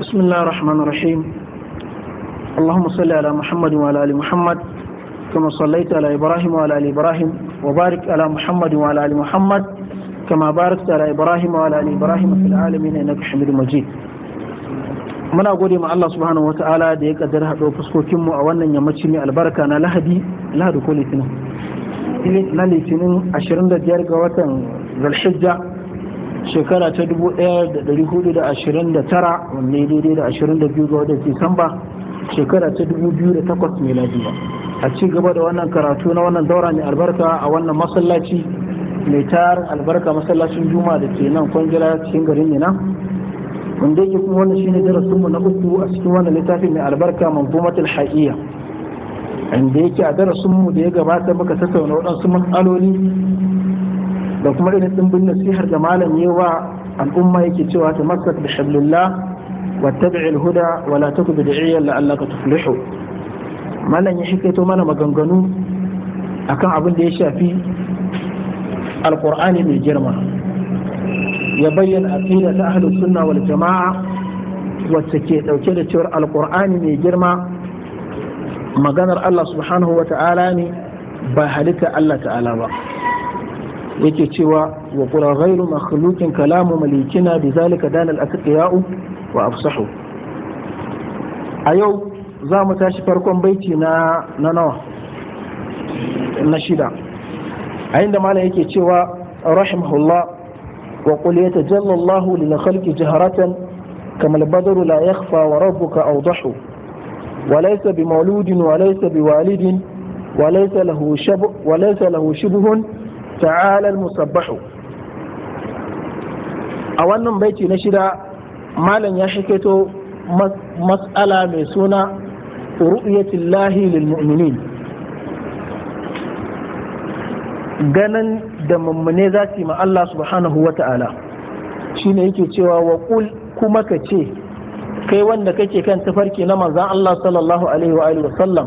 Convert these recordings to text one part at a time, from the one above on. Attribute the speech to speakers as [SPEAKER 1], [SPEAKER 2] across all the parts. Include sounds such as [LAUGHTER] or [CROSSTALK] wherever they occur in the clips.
[SPEAKER 1] بسم الله الرحمن الرحيم اللهم صل على محمد وعلى ال محمد كما صليت على ابراهيم وعلى ال ابراهيم وبارك على محمد وعلى ال محمد كما باركت على ابراهيم وعلى ال ابراهيم في العالمين انك حميد مجيد muna gode ma Allah subhanahu ta'ala da ya kaddar haɗo fuskokin mu a wannan yammaci mai albarka na Lahadi Lahadi ko Litinin na Litinin 25 ga watan Zulhijja shekara ta 1429 wanne daidai da 22 ga watan disamba shekara ta 2008 miladi ba a ci gaba da wannan karatu na wannan daura mai albarka a wannan masallaci mai tarin albarka masallacin juma da ke nan kwangila cikin garin mina wanda yake kuma wannan shine darasinmu na uku a cikin wannan littafin mai albarka manzumatul haqiya inda yake a darasinmu da ya gabata muka tattauna waɗansu matsaloli da kuma irin dimbin nasihar da malam yawa al'umma yake cewa ta masak da shablullah wattabi'il huda wala taku bid'iyyan la'allaka tuflihu malam ya hikaito mana maganganu akan abin da ya shafi alqur'ani mai girma ya bayyana aqida ta ahlus sunna wal jama'a wacce ke dauke da cewa alqur'ani mai girma maganar Allah subhanahu wa ta'ala ne ba halitta Allah ta'ala ba yake cewa wa qura ghairu makhluqin kalamu malikina bizalika dana al-atqiya'u wa afsahu a yau za mu tashi farkon baiti na na nawa na shida a inda malam yake cewa rahimahullah wa qul yatajalla Allahu lil khalqi jaharatan kama al كما البدر لا يخفى وربك أوضح وليس بمولود وليس بوالد وليس له شبه وليس له شبه ta'ala musabbahu a wannan baiti na shida malam ya shakaito matsala mai suna ru'yatillahi lil mu'minin ganin da mummune za su yi ma Allah subhanahu wa ta'ala shine yake cewa wa kul kuma ka ce kai wanda kake kan tafarki na manzan Allah sallallahu alaihi wa alihi wa sallam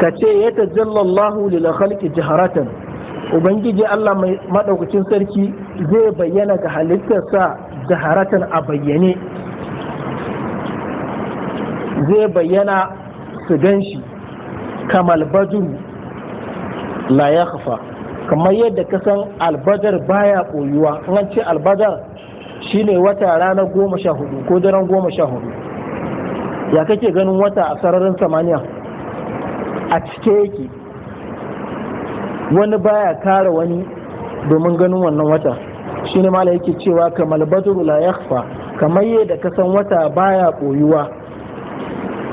[SPEAKER 1] ka ce ya tajallallahu lil khalqi jaharatan ubangiji Allah mai madaukakin sarki zai bayyana ga halittarsa haratan a bayyane zai bayyana su gan shi kamal bajuru la ya kamar yadda ka san albadar baya koyuwa an ce albadar shine wata rana goma sha hudu ko daren goma sha hudu ya kake ganin wata a sararin samaniya a cike yake wani baya kare wani domin ganin wannan wata shi ne mala yake cewa kamar badru la yakhfa kamar yadda ka san wata baya koyuwa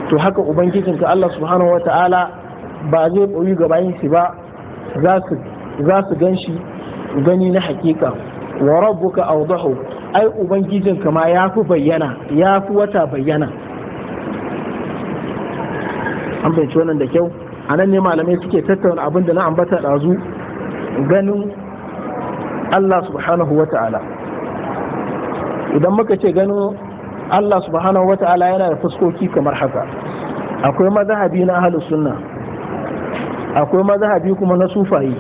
[SPEAKER 1] to haka ubangijinka Allah subhanahu Ta'ala ba zai koyi ga bayan shi ba za su gan shi gani na hakika wa rabbuka awdahu ai ubangijinka ma ya fi bayyana ya fi wata bayyana an fahimci wannan da kyau a nan ne malamai suke tattauna abin da na ambata ɗazu ganin Allah subhanahu wa ta'ala idan muka ce ganin Allah subhanahu wa ta'ala yana da fuskoki kamar haka akwai mazhabi na ahli sunna akwai mazhabi kuma na sufayi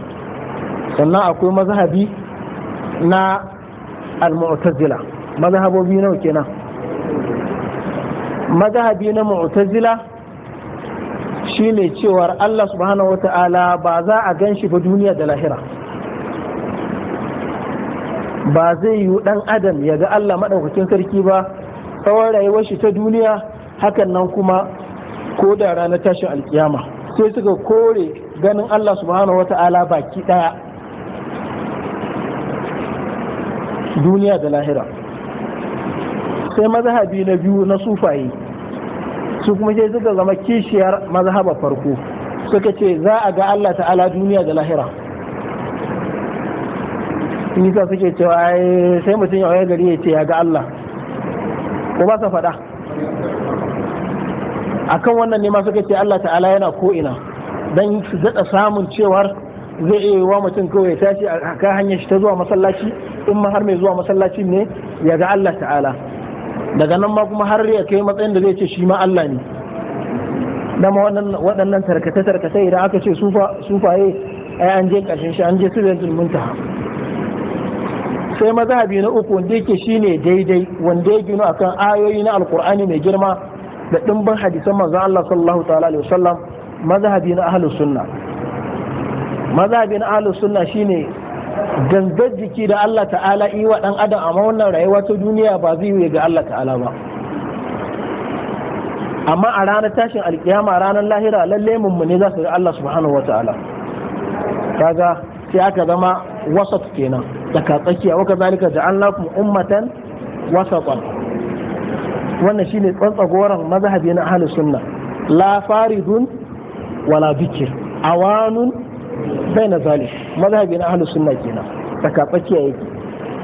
[SPEAKER 1] sannan akwai mazhabi na al-mu'tazila mazhabobi nawa kenan mazhabi na mu'tazila Shi ne cewar Allah subhanahu ta'ala ba za a gan shi ba duniya da lahira ba zai yi dan adam ya ga Allah maɗaukakin sarki ba tsawon rayuwar shi ta duniya hakan nan kuma ko da ranar tashin alkiyama sai suka kore ganin Allah subhanahu baki ɗaya duniya da lahira sai mazhabi na biyu na sufaye su kuma sai suka zama kishiyar mazhaba farko suka ce za a ga Allah ta'ala duniya da lahira nisa suke cewa sai mutum ya waya gari ya ce ya ga Allah ko ba sa faɗa akan wannan ne ma suka ce Allah ta'ala yana ko ina. dan su daɗa samun cewar zai iya yi wa mutum kawai ya tashi a kan hanyar shi ta zuwa masallaci in ma har mai zuwa masallacin ne ya ga Allah ta'ala daga nan ma kuma har ya kai matsayin da zai ce shi ma Allah ne dama waɗannan tarkace-tarkace idan aka ce sufaye ai an je ƙarshen shi an je sirrin muntaha sai mazhabi na uku wanda yake shine daidai wanda ya gino akan ayoyi na alkur'ani mai girma da ɗimbin hadisan manzon Allah sallallahu ta'ala alaihi wasallam mazhabi na ahlus sunna mazhabi na ahlus sunna shine gangar jiki da Allah ta'ala yi wa ɗan adam amma wannan rayuwa ta duniya ba zai yi ga Allah ta'ala ba amma a ranar tashin alkiyama ranar lahira lalle ne za su ga Allah subhanahu wata'ala kaga sai aka zama wasat kenan daga tsakiya wa kazalika ja'alnakum ummatan wasatan wannan shine tsantsagoran mazhabi na ahlus sunna la faridun wala bikir awanun baina zalik mazhabin ahlus sunna kenan tsaka tsakiya yake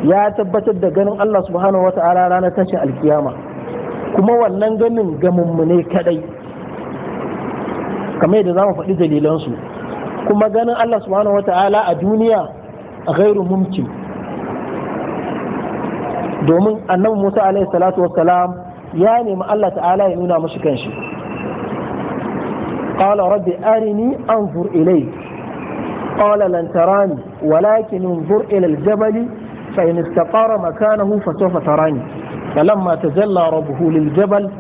[SPEAKER 1] ya tabbatar da ganin Allah subhanahu wata'ala ranar tashin alkiyama kuma wannan ganin ga mummune kadai kamar yadda zamu faɗi dalilansu kuma ganin Allah subhanahu wata'ala a duniya a ghairu mumkin domin annabi Musa alaihi salatu wassalam ya nemi Allah ta'ala ya nuna mashi kanshi qala rabbi arini anzur ilayk فقال لن تراني ولكن انظر إلى الجبل فإن استقر مكانه فسوف تراني فلما تجلى ربه للجبل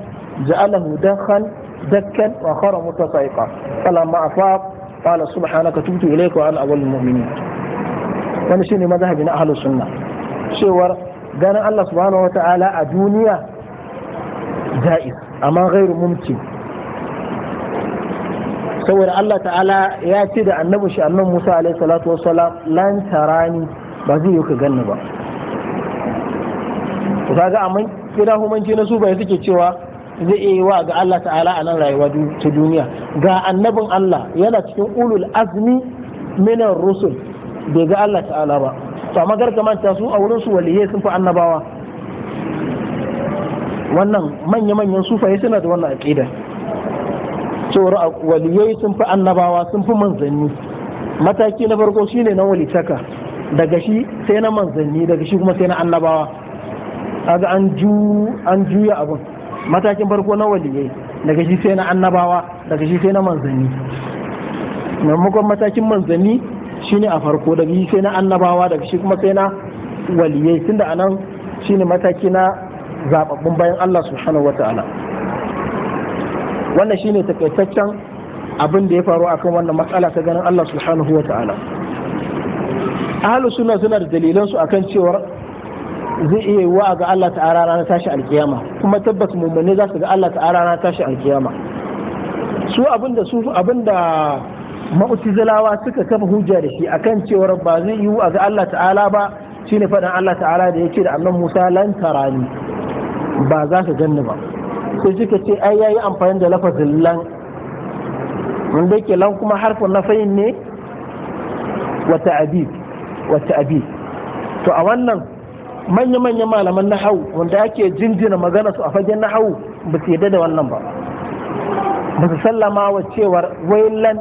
[SPEAKER 1] جعله دخا دكا وآخر متسيقا فلما أفاق قال سبحانك تبت إليك وأنا أول المؤمنين wani shine mazhabin ahlus sunna cewar ganin Allah subhanahu wataala a duniya ja'iz amma ghairu mumkin saboda Allah ta'ala ya ce da annabi shi annan Musa alaihi salatu wassalam lan tarani ba zai yi ka ganni ba to kaga amma kira humanci na su bai suke cewa zai iya wa ga Allah ta'ala a nan rayuwa ta duniya ga annabin Allah yana cikin ulul azmi minar rusul bai ga Allah ta'ala ba to amma garka manta su a wurin su waliyai sun fi annabawa wannan manya-manyan sufaye suna da wannan aqida cewar waliyai sun fi annabawa sun fi manzanni mataki na farko shine na walitaka daga shi sai na manzanni daga shi kuma sai na annabawa kaga an an juya abin matakin farko na waliyai daga shi sai na annabawa daga shi sai na manzanni maimakon matakin manzanni shine a farko daga shi sai na annabawa daga shi kuma sai na waliyai tunda anan shine mataki na zababbun bayan Allah subhanahu wata'ala wannan shine takaitaccen abin da ya faru akan wannan matsala ta ganin Allah subhanahu wa ta'ala ahlus sunna suna da dalilansu su akan cewar zai iya wa ga Allah ta'ala ranar tashi alkiyama kuma tabbas mummune za su ga Allah ta'ala ranar tashi alkiyama su da su abinda ma'utizalawa suka kafa hujja da shi akan cewar ba zai yi wa ga Allah ta'ala ba shine faɗin Allah ta'ala da yake da annan Musa lan tarani ba za ka ganni ba sai suka ce ai yi amfani da lafazin lan wanda yake lan kuma harfin nafayin ne wata abi wata abi to a wannan manya manya malaman hau, wanda ake jinjina magana su a fagen hau ba su yadda da wannan ba ba su sallama wa cewar wailan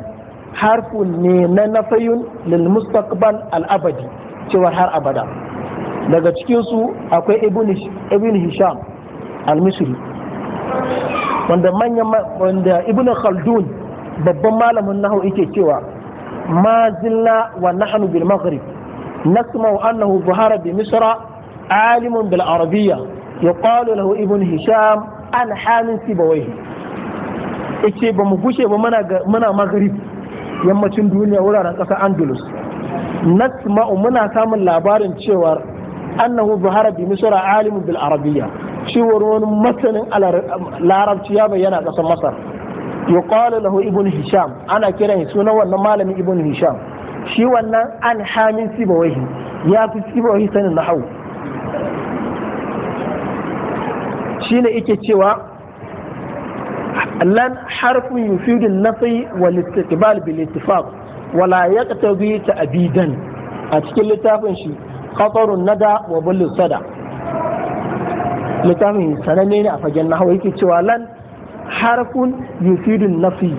[SPEAKER 1] harfin ne na nafayun lil mustaqbal al abadi cewar har abada daga cikinsu akwai ibn hisham al-misri wanda manyan wanda ibnu khaldun babban malamin nahu yake cewa ma zilla wa nahnu bil maghrib nasma'u annahu buhara bi misra alimun bil arabiyya yuqalu lahu ibn hisham an hamin sibawayhi yace ba mu gushe ba muna muna maghrib yammacin duniya wuraren ƙasar andalus nasma muna samun labarin cewar annahu zuhara bi misra alimun bil arabiyya cewar wani masanin larabci ya bayyana kasar masar yuqalu lahu ibn hisham ana kiran sunan wannan malamin ibn hisham shi wannan an hamin sibawahi ya fi sibawahi sanin nahwu shine yake cewa lan harfun yufidun nafi wa istiqbal bil ittifaq wala yaqtadi ta'bidan a cikin littafin shi khatarun nada wa bullu sada littafin sananne ne a fagen nahawa yake cewa lan harfun yufidun nafi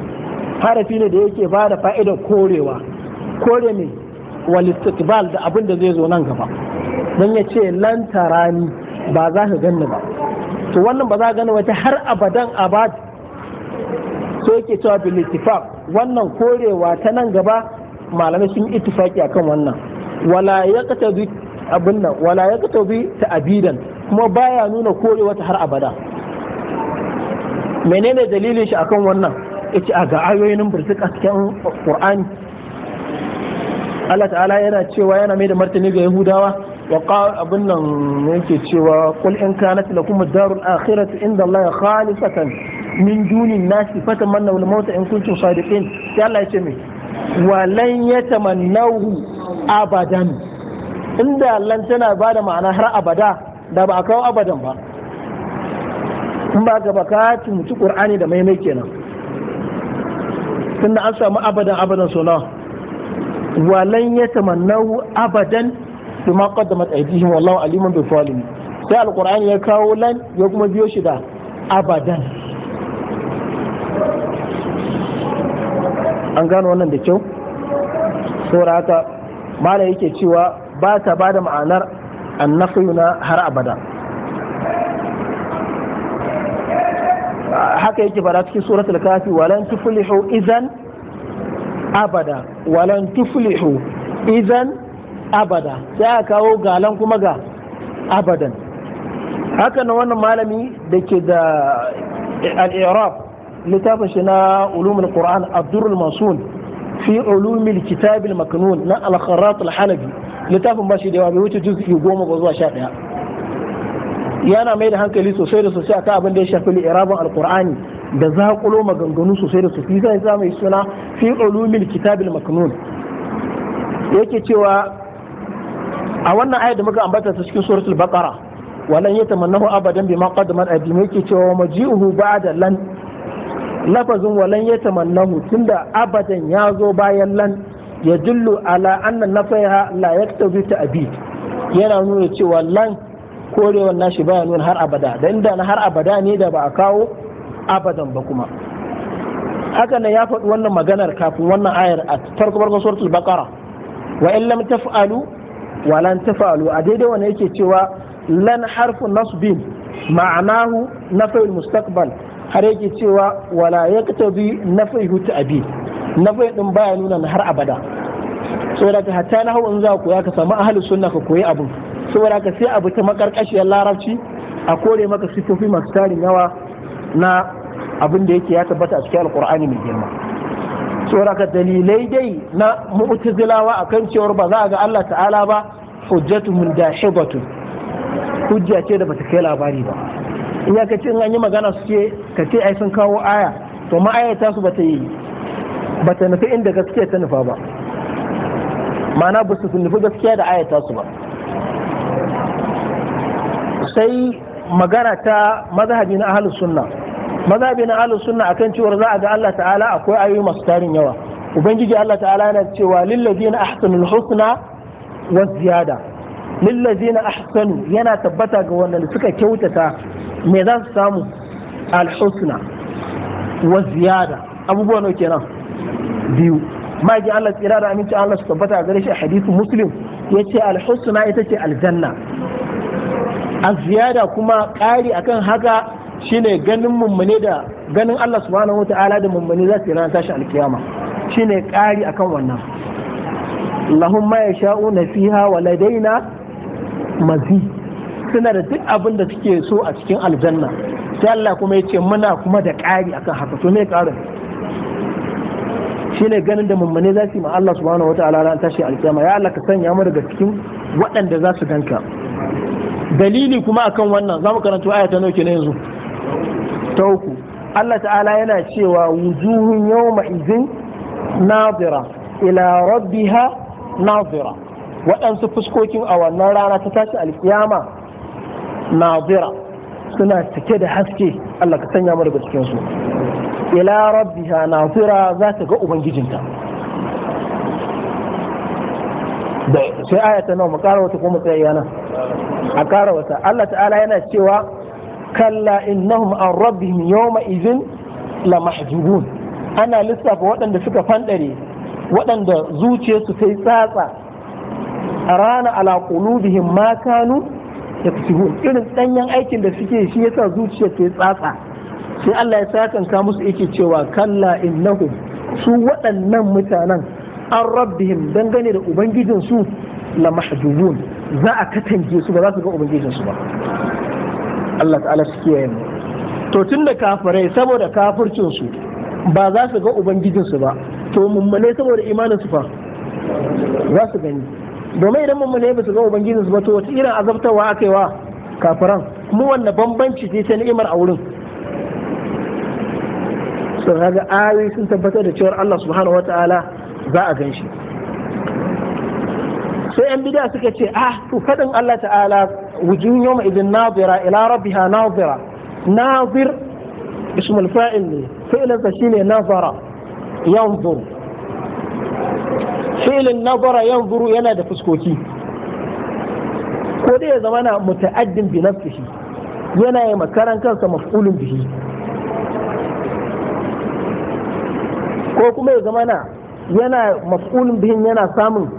[SPEAKER 1] harafi ne da yake ba da fa'idar korewa kore ne wal istiqbal da abin zai zo nan gaba dan ya ce lan ba za ka ganni ba to wannan ba za gani wata har abadan abad so yake cewa bil ittifaq wannan korewa ta nan gaba malamai sun ittifaki akan wannan wala yaqtadi abin nan wala ya kato bi ta abidan kuma baya nuna kore wata har abada menene dalilin shi akan wannan yace a ga ayoyin burtuk cikin qur'ani Allah ta'ala yana cewa yana mai da martani ga yahudawa wa abin nan yake cewa kul in kanat lakum ad-darul akhirati inda Allah khalisatan min dunin nasi fatamannaw al-maut in kuntum sadiqin sai Allah ya ce mai walan yatamannahu abadan inda lan tana ba da ma'ana har abada da ba a kawo abadan ba in ba ga baka ci mutu qur'ani da mai kenan tunda an samu abadan abadan so nawa walan tamannahu abadan bima qaddamat aydihim wallahu aliman bi zalim sai alqur'ani ya kawo lan ya kuma biyo shi da abadan an gano wannan da kyau saboda haka mala yake cewa ba ta ba da ma'anar annafiyu na har abada haka yake fara cikin suratul kafi walan tuflihu idan abada walan tuflihu idan abada sai a kawo galan kuma ga abadan haka na wannan malami da ke da al littafin shi na ulumul qur'an abdurul mansun fi ulumil kitabil maknun na al hanabi halabi littafin ba shi da yawa bai wuce jiski goma ba zuwa sha ɗaya yana mai da hankali sosai da sosai akan abin da ya shafi li'irabin alqur'ani da zaƙulo maganganu sosai da sosai zai za mai suna fi ulumil kitabil maknun yake cewa a wannan ayat da muka ambata ta cikin suratul baqara walan yatamannahu abadan bima qaddamat aydihi yake cewa maji'uhu ba'da lan lafazin walan yatamannahu tunda abadan ya zo bayan lan Ya yadullu ala annan anna layakta la ta bi yana nuna cewa lan korewar nashi baya nuna har abada da inda na har abada ne da ba a kawo abadan ba kuma haka ne ya faɗi wannan maganar kafin wannan ayar a farko farko suratul baqara wa in lam taf'alu wa lan taf'alu a daidai wannan yake cewa lan harfu nasbin ma'anahu nafai mustaqbal har yake cewa wala yaktabi nafai ta'bid na bai din baya nuna na har abada saboda ka hatta na in za ku ya ka samu ahlus sunna ka koyi abu saboda ka sai abu ta makarkashiyar larabci a kore maka sifofi masu tarin yawa na abin da yake ya tabbata a cikin alkur'ani mai girma saboda ka dalilai dai na mu'tazilawa akan cewar ba za a ga Allah ta'ala ba hujjatuhum dahibatun hujja ce da bata kai labari ba in ya kace in an yi magana su ka ce ai sun kawo aya to ma'ayata su ta yi ba ta nufi inda gaskiya ta nufa ba ma'ana ba su nufi gaskiya da ayata su ba sai magana ta mazhabi na ahlus sunna mazhabi na ahlus sunna akan cewa za a ga Allah ta'ala akwai ayoyi masu tarin yawa ubangiji Allah ta'ala yana cewa ahsanu al husna wa ziyada ladina ahsanu yana tabbata ga wannan suka kyautata me za su samu al husna wa ziyada abubuwa ne kenan biyu ji Allah tsira da aminci Allah su tabbata a gare shi a hadithu muslim ya ce na ita ce aljanna a ziyada kuma ƙari akan haka shine ganin mummune da ganin Allah subhanahu wata'ala da mummune za su yi tashi alkiyama shine ƙari akan wannan Allahumma ya sha'u na fiha wa ladaina mazi suna da duk abin da suke so a cikin aljanna sai Allah kuma ya ce muna kuma da ƙari akan haka to me ƙarin Shi ne ganin da mummune za su yi ma Allah subhanahu wataala ran tashi alkiyama ya Allah ka sanya mu daga cikin waɗanda za su ganka dalili kuma akan wannan za mu karanta aya ta nawa yanzu ta uku Allah ta'ala yana cewa wujuhun yawma idhin nazira ila rabbiha nazira, waɗansu fuskokin a wannan rana ta tashi alkiyama nazira suna cike da haske Allah ka sanya mu daga cikin su ila rabbiha nasira za ta ga ubangijinta da sai aya ta nawa makara wata kuma tsaye yana a kara wata Allah ta'ala yana cewa kalla innahum an rabbihim yawma idhin la mahjubun ana lissafa waɗanda suka fandare waɗanda zuciyarsu su sai tsatsa a rana ala qulubihim ma kanu ya kusuhu irin danyen aikin da suke shi yasa zuciyar ta tsatsa sai Allah ya ka musu yake cewa kalla innahu su waɗannan mutanen an rabbihim dangane da ubangijin su la mahjubun za a katange su ba za su ga ubangijin su ba Allah ta'ala su kiyaye mu to tunda kafirai saboda kafircin su ba za su ga ubangijin su ba to mummune saboda imanin su fa za su gani domin idan mummune ne bisa ga ubangijin su bato, wata irin azabtarwa aka yi wa kafiran kuma wanne bambanci ce ta ni'imar a wurin sun haga ayoyi sun tabbatar da cewar Allah subhanahu Ta'ala za a gan shi sai yan bid'a suka ce ah to kadin Allah ta'ala wujun ma idin nazira ila rabbiha nazira nazir ismul fa'il ne fa'ilansa shine nazara yanzuru filin nazara yanzuru yana da fuskoki ko dai ya zama na muta'addin bi nafsihi yana yi makaran kansa maf'ulun bihi ko kuma ya zama na yana maf'ulun bihin yana samun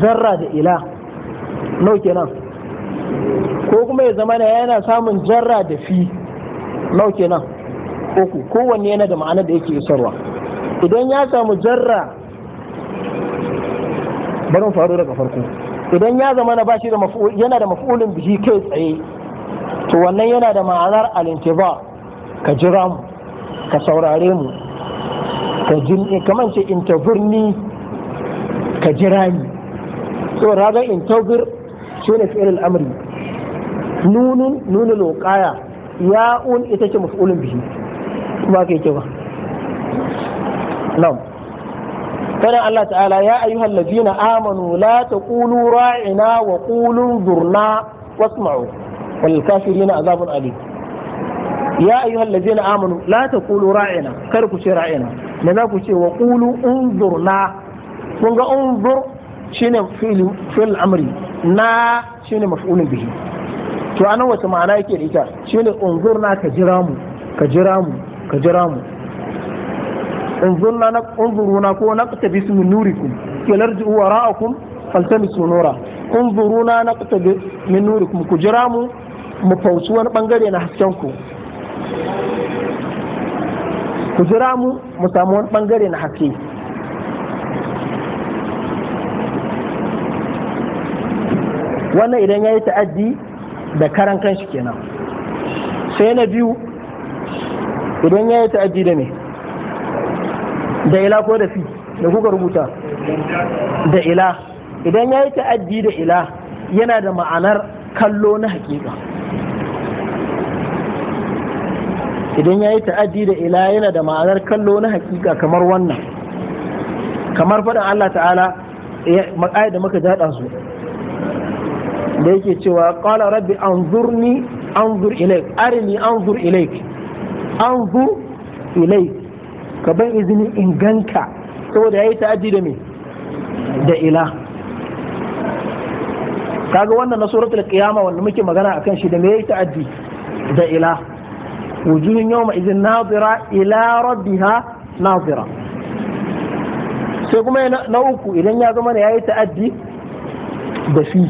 [SPEAKER 1] zarra da ila nau kenan ko kuma ya zama na yana samun jarra da fi nau kenan ko kowanne yana da ma'anar da yake isarwa idan ya samu jarra bari faru daga farko idan ya zama na bashi da maf'ul yana da maf'ulin bihi kai tsaye to wannan yana da ma'anar al-intiba ka jira mu ka saurare mu ka jin kaman ce intabirni ka jira ni to raga intabir shine fi'il amri nunun nunul wuqaya ya'un ita ce maf'ulun bihi ba kai ke ba na'am فلا الله تعالى يا أيها الذين آمنوا لا تقولوا راعنا وقولوا انظرنا واسمعوا وللكافرين عذاب أليم يا أيها الذين آمنوا لا تقولوا راعنا كركوا شي راعنا لذاكوا شي وقولوا انظرنا كونغا انظر شنو فعل فعل الأمر نا شنو مفعول به to anan wace ma'ana yake da ita shine unzurna ka jira mu ka jira mu ka jira mu unzurna na unzuruna ko naqtabis min nurikum kilarju wara'akum faltamisu nura unzuruna naqtabis min nurikum ku mu mu fauci wani bangare wannan idan ya yi ta'addi da karan kanshi kenan sai na biyu idan ya yi ta'addi da ne da ila ko da fi da kuka rubuta da ila idan ya yi ta'addi da ila yana da ma'anar kallo na hakika idan ya yi ta'addi da ila yana da ma'anar kallo na hakika kamar wannan kamar faɗin Allah ta'ala eh, maƙayi da maka jaɗa su da yake cewa ƙwala rabbi an zurni anzurni anzur ilaik arini anzur ilaik zur ilaik ka ban izinin in ganka saboda ya yi ta'addi da me da ila kaga wannan na suratul qiyama wanda muke magana akan shi da me yayi ta'addi da ila wujuhun yawma idhin nadira ila rabbiha nadira sai kuma na uku idan ya zama ya yi ta'addi da fi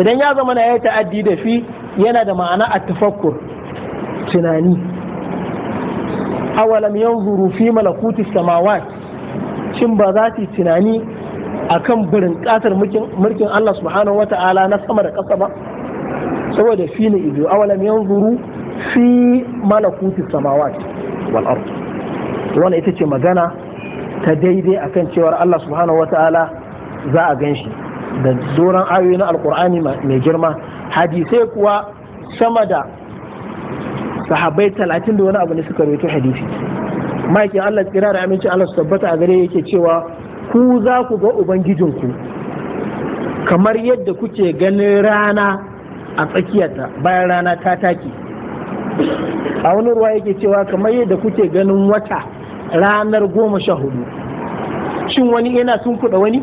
[SPEAKER 1] idan ya zama ya yi ta'addi da fi yana da ma'ana a tafakkur tunani awalam yanzuru fi malakuti samawat shin ba za su tunani akan burin katar mulkin Allah subhanahu ta'ala na sama da ƙasa ba saboda fi ne ido awalam zuru fi malakuti samawat wannan ita ce magana ta daidai akan cewar Allah subhanahu ta'ala za a ganshi da doron ayoyi na alkur'ani mai girma hadisai kuwa sama da sahabbai talatin da wani abu ne suka rubuta hadisi ma'aikin Allah tsira da aminci Allah su tabbata a gare yake cewa ku za ku ga ubangijinku kamar yadda kuke ganin rana a tsakiyarta bayan rana ta take a wani ruwa yake cewa kamar yadda kuke ganin wata ranar goma sha hudu shin wani yana sun kuɗa wani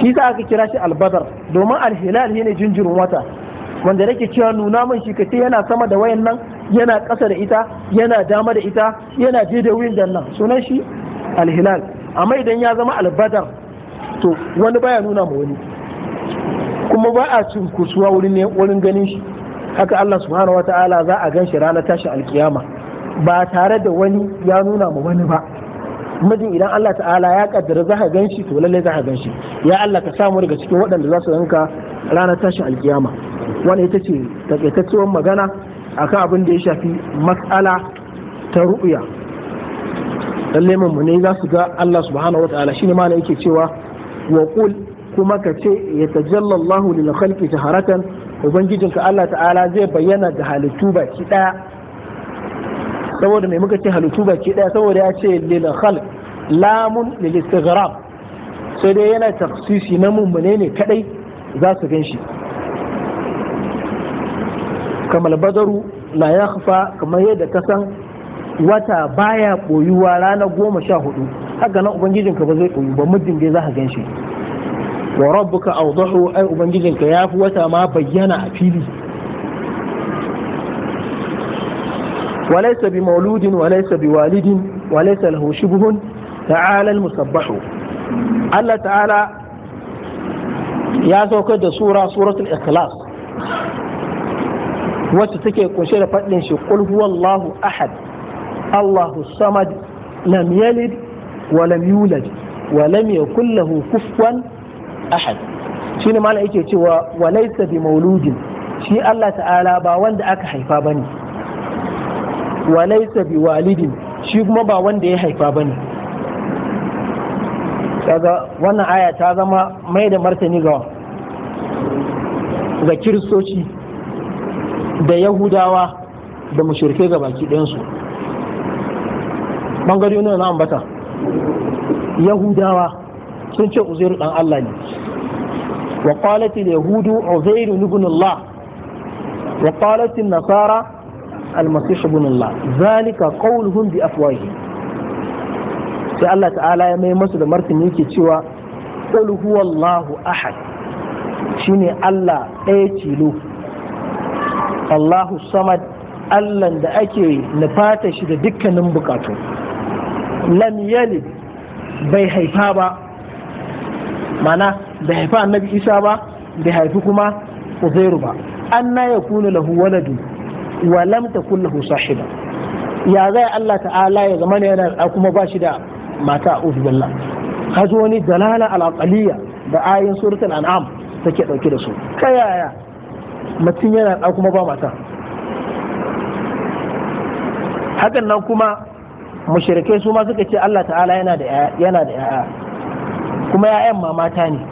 [SPEAKER 1] shi sa aka kira shi albadar domin alhilal ne jinjirin wata wanda nake cewa nuna min shi kace yana sama da wayan nan yana ƙasa da ita yana dama da ita yana je da wuyan nan sunan shi alhilal amma idan ya zama albadar to wani baya nuna ma wani kuma ba a cin kusuwa wurin ne wurin ganin shi haka Allah subhanahu wataala za a gan shi ranar tashi alkiyama ba tare da wani ya nuna ma wani ba mijin idan Allah ta'ala ya kaddara za ka gan shi to lallai za ka gan shi ya Allah ka samu daga cikin waɗanda za su ganka ranar tashin alkiyama wani ita ce takaitacciyar magana akan abin da ya shafi matsala ta ru'uya lallai mu ne za su ga Allah subhanahu wataala shine ma yake cewa wa qul kuma ka ce ya tajalla Allahu lil khalqi jaharatan ubangijinka Allah ta'ala zai bayyana da halittu baki daya saboda mai muka ce halittu baki daya saboda ya ce lil khalq lamun lil istighraq sai dai yana tafsisi na mummune ne kadai za su gan shi kamal badaru la yakhfa kamar yadda ka san wata baya koyuwa rana goma sha hudu haka nan ubangijinka ba zai koyu ba muddin dai za ka gan shi wa rabbuka awdahu ai ubangijinka fi wata ma bayyana a fili وليس بمولود وليس بوالد وليس له شبه تعالى المسبح الله تعالى يا زوكد سورة سورة الإخلاص وتتكي كنشير فتلين قل هو الله أحد الله الصمد لم يلد ولم يولد ولم يكن له كفوا أحد شنو معنى إيكي وليس بمولود شي الله تعالى با وند أكا حيفا بني wa laysa bi walidin shi kuma ba wanda ya haifa bane kaga wannan aya ta zama mai da martani ga ga kiristoci da yahudawa da mushrikai ga baki ɗayansu Bangare ne na ambata yahudawa sun ce uzairu dan Allah ne wa qalat yahudu uzairu ibn Allah wa qalat nasara almasih ibn Allah zalika qawluhum bi sai Allah ta'ala ya mai masu da martani yake cewa qul huwallahu ahad shine Allah ɗaya tilo Allahu samad Allahn da ake nufata shi da dukkanin bukatu lam yalid bai haifa ba mana bai haifa annabi isa ba bai haifi kuma uzairu ba an na ya kuna lahu waladu walam ta takul lahu sahiba ya zai Allah ta'ala ya zama yana kuma ba shi da mata uzu billah kazo wani dalala al da ayin suratul an'am take dauke da su kayaya mutum yana da kuma ba mata hakan nan kuma mushrikai su ma suka ce Allah ta'ala yana da yana da yaya kuma yayan ma mata ne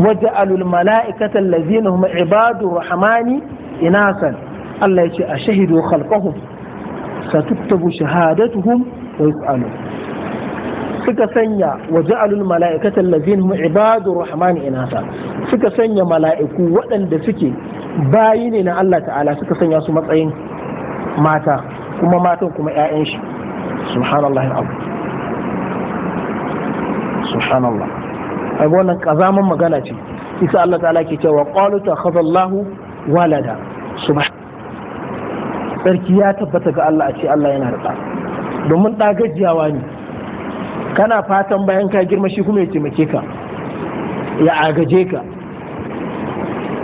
[SPEAKER 1] waja'alul mala'ikata allazina hum ibadur rahmani inasan Allah ya ce a shahidu khalqahum satuktabu shahadatuhum wa yus'alu suka sanya wa ja'alul mala'ikata allazina hum ibadur rahmani inasa suka sanya mala'iku waɗanda suke bayi ne na Allah ta'ala suka sanya su matsayin mata kuma matan kuma 'ya'yan shi subhanallahi abu subhanallah ai wannan kazaman magana ce isa Allah ta'ala ke cewa qalu ta khadallahu walada subhanallah tsarki ya tabbata ga Allah a ce Allah yana da domin ɗa gajiyawa ne kana fatan bayan ka girma shi kuma ya taimake ka ya agaje ka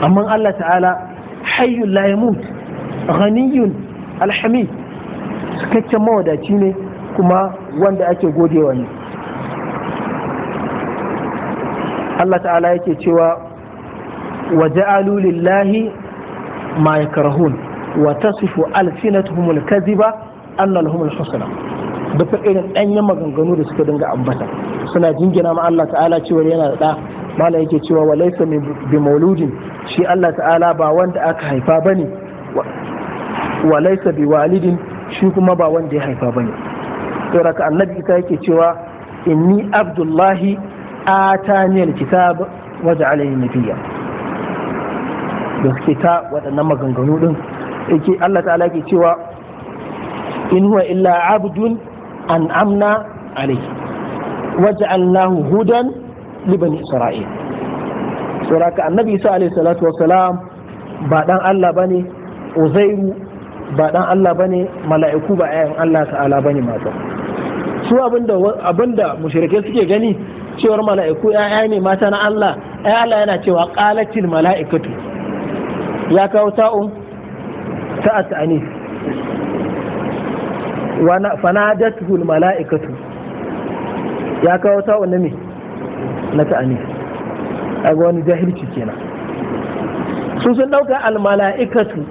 [SPEAKER 1] amma Allah ta'ala hayyun la yamut ghaniyun alhamid cikakken mawadaci ne kuma wanda ake godewa ne Allah ta'ala yake cewa wa ja'alu lillahi ma yakrahun wa tasifu alsinatuhum alkaziba anna lahum alhusna da fa irin danyen maganganu da suka dinga ambata suna jingina ma Allah ta'ala cewa yana da da mala yake cewa wa laysa bi mauludin shi Allah ta'ala ba wanda aka haifa bane wa laysa bi walidin shi kuma ba wanda ya haifa bane saboda ka annabi ita yake cewa inni abdullahi atani alkitab wa ja'alani nabiyya da suke ta waɗannan maganganu ɗin yake Allah ta'ala ke cewa in huwa illa abdun an amna alaihi waja'alnahu hudan li bani isra'il saboda annabi isa alaihi salatu wassalam ba dan Allah bane uzairu ba dan Allah bane mala'iku ba ayan Allah ta'ala bane mata su abinda abinda mushrike suke gani cewar mala'iku ya'ya ne mata na Allah ai Allah yana cewa qalatil mala'ikatu ya kawo ta'un ta atani wana fanadatuhu almalaikatu ya kawo ta wannan me na A kaga wani jahilci kenan su sun dauka malaikatu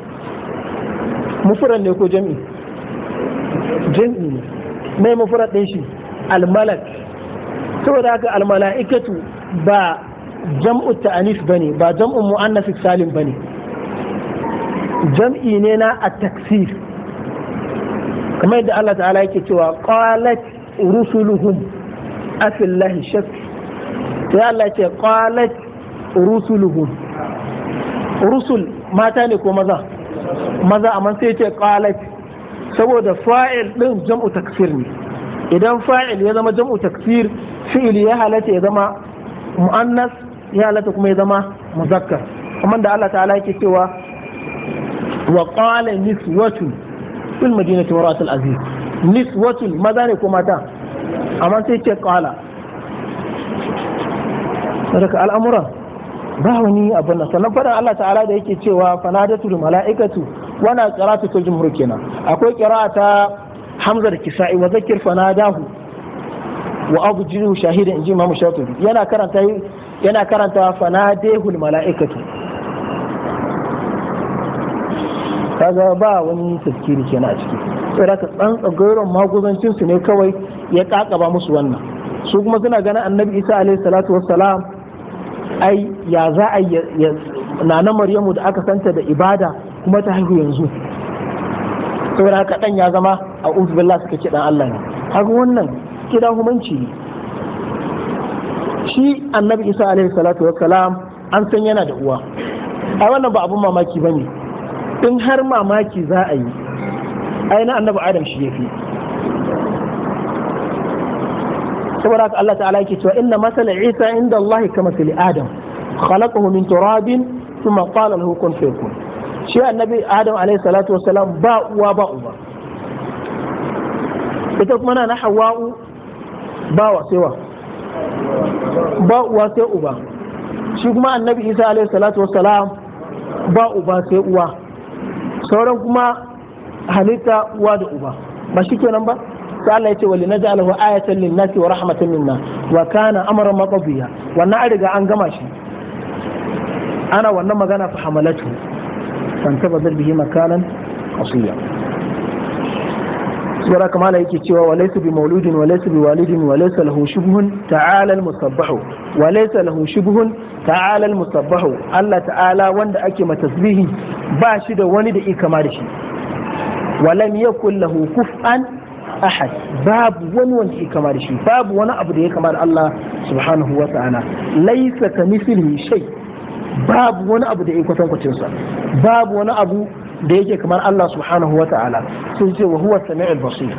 [SPEAKER 1] Mufuran ne ko jami'i jami'i ne mai mufrad din shi malak saboda haka malaikatu ba jam'u ta'anis bane ba jam'u mu'annas salim bane jam'i ne na a taksir kamar yadda Allah ta'ala yake cewa qalat rusuluhum afillahi shak sai Allah ce qalat rusuluhum rusul mata ne ko maza maza amma sai ce qalat saboda fa'il din jam'u taksir ne idan fa'il ya zama jam'u taksir fi'il ya halatta ya zama mu'annas ya halatta kuma ya zama muzakkar kuma da Allah ta'ala yake cewa wa qala niswatun fil madinati imra'atul aziz niswatun maza ne ko mata amma sai ce qala daga al'amura ba wani abin nan sannan faɗin Allah ta'ala da yake cewa fanadatu da mala'ikatu wana qira'atu ta jumhur kenan akwai qira'a ta Hamza da Kisa'i wa zakir fanadahu wa abjiru shahidan inji Imam Shatibi yana karanta yana karanta fanadehul mala'ikatu kaga ba wani tafkiri kenan a ciki sai ka tsantsa gairon maguzancin su ne kawai ya kakaba musu wannan su kuma suna ganin annabi isa alaihi salatu wassalam ai ya za a ya nana maryamu da aka santa da ibada kuma ta haihu yanzu da haka dan ya zama a billah suka ce dan Allah ne haka wannan kida humanci ne shi annabi isa alaihi salatu wassalam an san yana da uwa a wannan ba abun mamaki bane in har mamaki za a yi ai annabi adam shi ya fi? saboda haka Allah ta'ala yake cewa inna masala isa inda Allah kama sili adam khalaqahu min turabin thumma qala lahu kun fayakun shi annabi adam alayhi salatu wassalam ba uwa ba uba ita kuma na hawa'u ba wa sai wa ba uwa sai uba shi kuma annabi isa alayhi salatu wassalam ba uba sai uwa sauran kuma halitta uwa da uba ba shi kenan ba sai Allah ya ce wali naj'alahu ayatan lin-nasi wa rahmatan minna wa kana amran maqdiya wannan an riga an gama shi ana wannan magana fa hamalatu fan tabadal bihi makanan qasiya saboda kamala yake cewa wa laysa bi mauludin wa laysa bi walidin wa laysa lahu shubhun ta'ala al-musabbahu wa laysa lahu shubhun ta'ala al-musabbahu Allah ta'ala wanda ake matasbihi ba shi da wani da ikama da shi wa lam yakul lahu kuf'an ahad babu wani wanda ya kama da shi babu wani abu da ya kama da Allah subhanahu wa ta'ala laysa kamithlihi shay babu wani abu da ya kwatankwacin sa babu wani abu da yake kamar Allah subhanahu wa ta'ala sun ce wa huwa sami'ul basir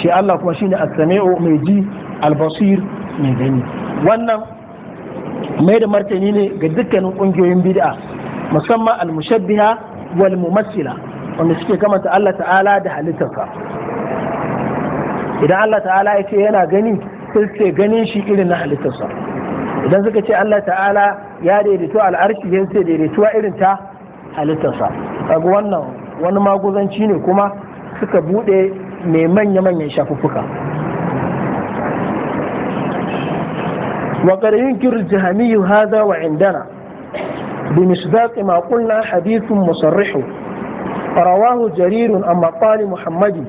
[SPEAKER 1] shi Allah kuma shine as-sami'u mai ji al-basir mai gani wannan mai da martani ne ga dukkanin kungiyoyin bid'a musamman al-mushabbiha wal mumassila wanda suke kamanta Allah ta'ala da halittarsa idan Allah ta'ala ya ce yana gani sai suke ganin shi irin na halittarsa idan suka ce Allah ta'ala ya daidaito al'arshi sai daidaituwa irin ta halittarsa kaga wannan wani maguzanci ne kuma suka bude mai manya-manyan shafuffuka وقد ينكر الجهمي هذا وعندنا بمصداق ما قلنا حديث مصرح رواه جرير عن مقال محمد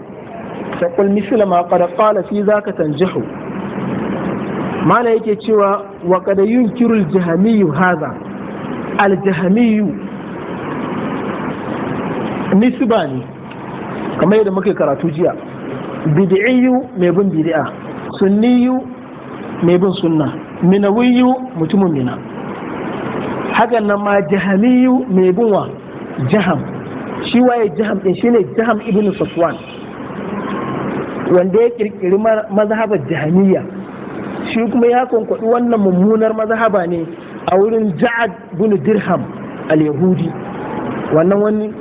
[SPEAKER 1] فقل مثل ما قد قال في ذاك تنجح ما لا يكي وقد ينكر الجهمي هذا الجهمي nisba ne kamar yadda muke karatu jiya bidiyu mai bin bid'a sunniyu mai bin sunna minawiyu mutumin mina hakan nan ma jahamiyu mai bin wa jaham shi waye jaham din shine jaham ibn safwan wanda ya kirkiri mazhabar jahamiyya shi kuma ya kwankwaɗi wannan mummunar mazhaba ne a wurin ja'ad bin dirham al-yahudi wannan wani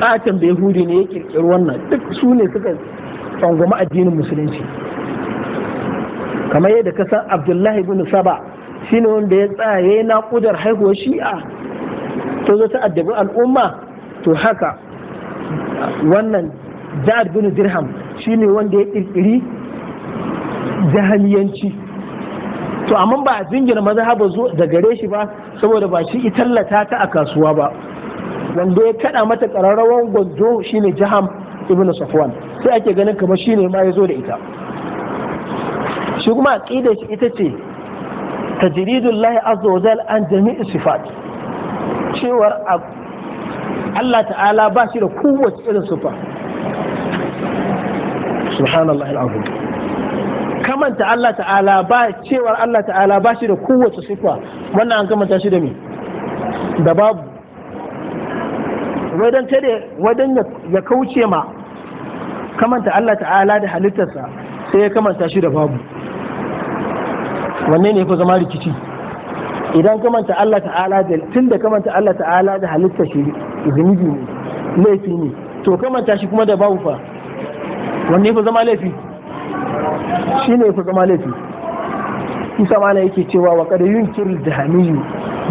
[SPEAKER 1] katon da yahudi ne ya kirkiri wannan duk su ne suka tsangwama addinin musulunci kamar yadda ka san abdullahi bin saba shine wanda ya tsaya ya yi naƙudar haihuwar shi'a to zo ta addabi al'umma to haka wannan jihar bin dirham shine wanda ya kirkiri jahiliyanci to amma ba a jingina mazhaba zo da gare shi ba saboda ba shi tallata ta a kasuwa ba wanda ya kada mata kararrawan gwanzo shine jiham ibn safwan sai ake ganin kamar shine ma ya zo da ita shi kuma aqida shi ita ce ta azza wa jalla an jami'i sifat cewar Allah ta'ala ba shi da kowace irin sufa subhanallah al'azim kamanta Allah ta'ala ba cewar Allah ta'ala ba shi da kowace sufa wannan an kamanta shi da me da babu wadan tare wadan ya kauce ma kamanta Allah ta'ala da halittarsa sai ya kamanta shi da babu wanne ne fa zama rikici idan kamanta Allah ta'ala da tun da kamanta Allah ta'ala da halittar shi zunubi ne laifi ne to kamanta shi kuma da babu fa wanne fa zama laifi shi ne fa zama laifi isa mana yake cewa wa kadayun yunkirul jahamiyyu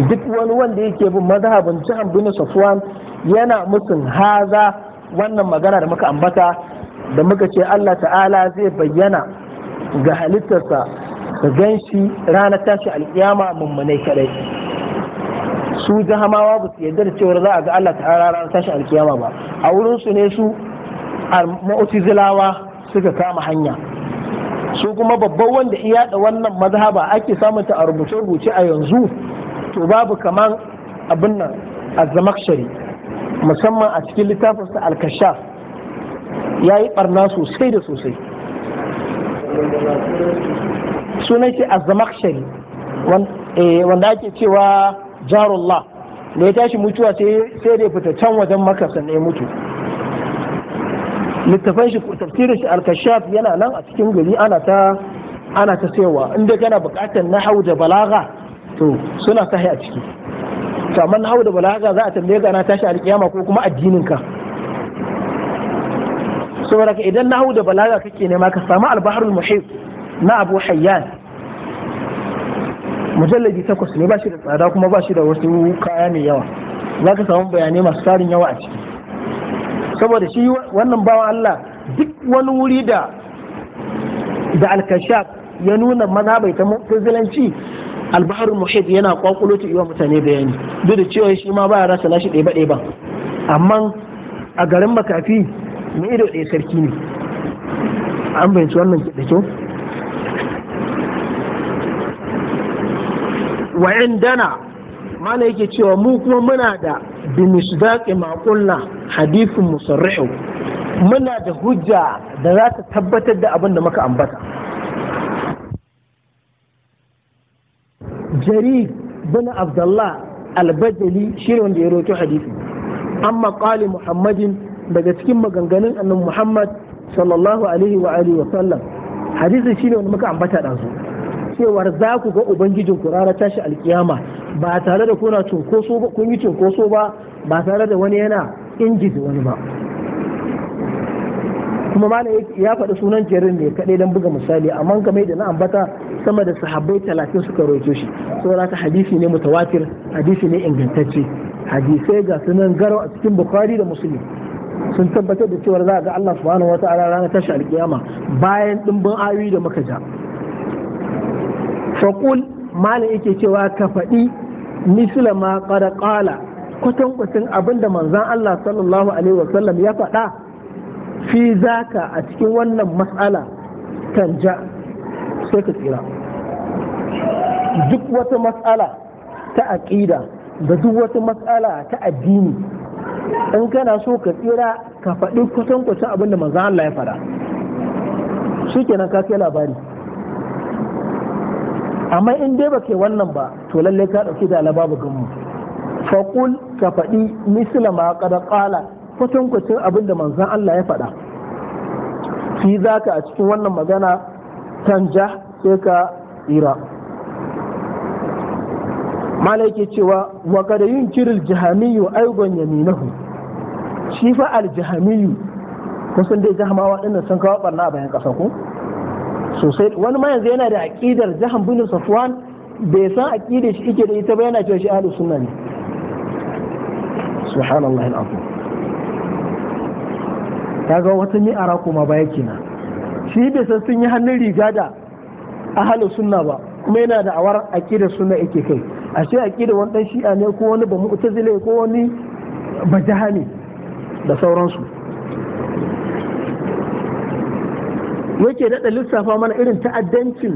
[SPEAKER 1] duk wani wanda yake bin mazhabin jihar bin safwan yana musun haza wannan magana da muka ambata da muka ce Allah ta'ala zai bayyana ga halittarsa da ganshi, shi ranar tashi alƙiyama mummunai kadai su jahamawa ba su yarda da cewar za a ga Allah ta'ala ranar tashi alƙiyama ba a wurin su ne su zilawa suka kama hanya su kuma babban wanda iya da wannan mazhaba ake samun ta a rubuce-rubuce a yanzu to babu kaman abin nan a zamakshari musamman a cikin littafinsa al ya yi barna sosai da sosai sunan shi azamakshari eh, wanda ake cewa jarullah da ya tashi mutuwa sai da fita can wajen makasan ya mutu littafin shi tafsirin shi al yana nan a cikin gari ana ta ana ta sayarwa inda kana bukatar hau da balaga to suna sahi a ciki to amma hawo da balaga za a tambaye ka na tashi alkiyama ko kuma addinin ka saboda ka idan na hawo da balaga kake nema ka samu albaharul muhib na abu hayyan mujalladi takwas ne ba shi da tsada kuma ba shi da wasu kaya mai yawa za ka samu bayanai masu tarin yawa a ciki saboda shi wannan bawan Allah duk wani wuri da da alkashaf ya nuna mana bai ta albaharul muhit yana kwakulo ta iya mutane bayani duk da cewa shi ma baya rasa nashi ɗaya ɗaya ba amma a garin makafi mai ido ɗaya sarki ne an bayanci wannan da kyau wa'in dana mana yake cewa mu kuma muna da bimisdaqi maqulla hadithun musarrihu muna da hujja da za ta tabbatar da abin da muka ambata jarir bin abdullah albajali shi ne wanda ya roƙi hadisi an qali muhammadin daga cikin maganganun annan muhammad sallallahu alaihi wa alihi wa sallam shi shine wanda muka ambata da su cewar za ku ga ubangijin ku ranar tashi alkiyama ba tare da kuna cunkoso ba kun yi cunkoso ba ba tare da wani yana ingiza wani ba kuma mana ya faɗi sunan jerin ne kaɗai don buga misali amma game da na ambata sama da sahabbai talatin suka roito shi saboda ka hadisi ne mutawatir hadisi ne ingantacce hadisai ga sunan garo a cikin bukhari da muslim sun tabbatar da cewa za a ga Allah subhanahu wataala ranar tashi alkiyama bayan dimbin ayoyi da muka ja faqul malam yake cewa ka faɗi misla ma qad qala kwatan abinda manzon Allah sallallahu alaihi wasallam ya faɗa fi zaka a cikin wannan mas'ala kan ja sai ka tsira duk wata matsala ta aƙida da duk wata matsala ta addini in kana so ka tsira ka faɗi kusan kusan abin da manzan Allah ya faɗa shi kenan ka kai labari amma in dai ba ke wannan ba to lallai ka ɗauki da ba gamu faƙul ka faɗi misla ma kada ƙala kusan kusan abin da manzan Allah ya faɗa fi za ka a cikin wannan magana tanja sai ka tsira malaiki cewa wa kada yin kiril jihamiyu aigon yaminahu shi fa al jihamiyu kusan dai jahamawa dinnan sun kawo barna a bayan kasa ko sosai wani ma yanzu yana da aqidar jaham bin safwan bai san aqidar shi yake da ita ba yana cewa shi ahlus sunna ne subhanallahi al-azim kaga wata mi'ara kuma baya kenan shi bai san sun yi hannun riga da ahalin sunna ba kuma yana da awar da suna yake kai ashe da wani dan shi'a ne ko wani ba mu'tazile ko wani bajaha ne da sauransu yake daɗa lissafa mana irin ta'addancin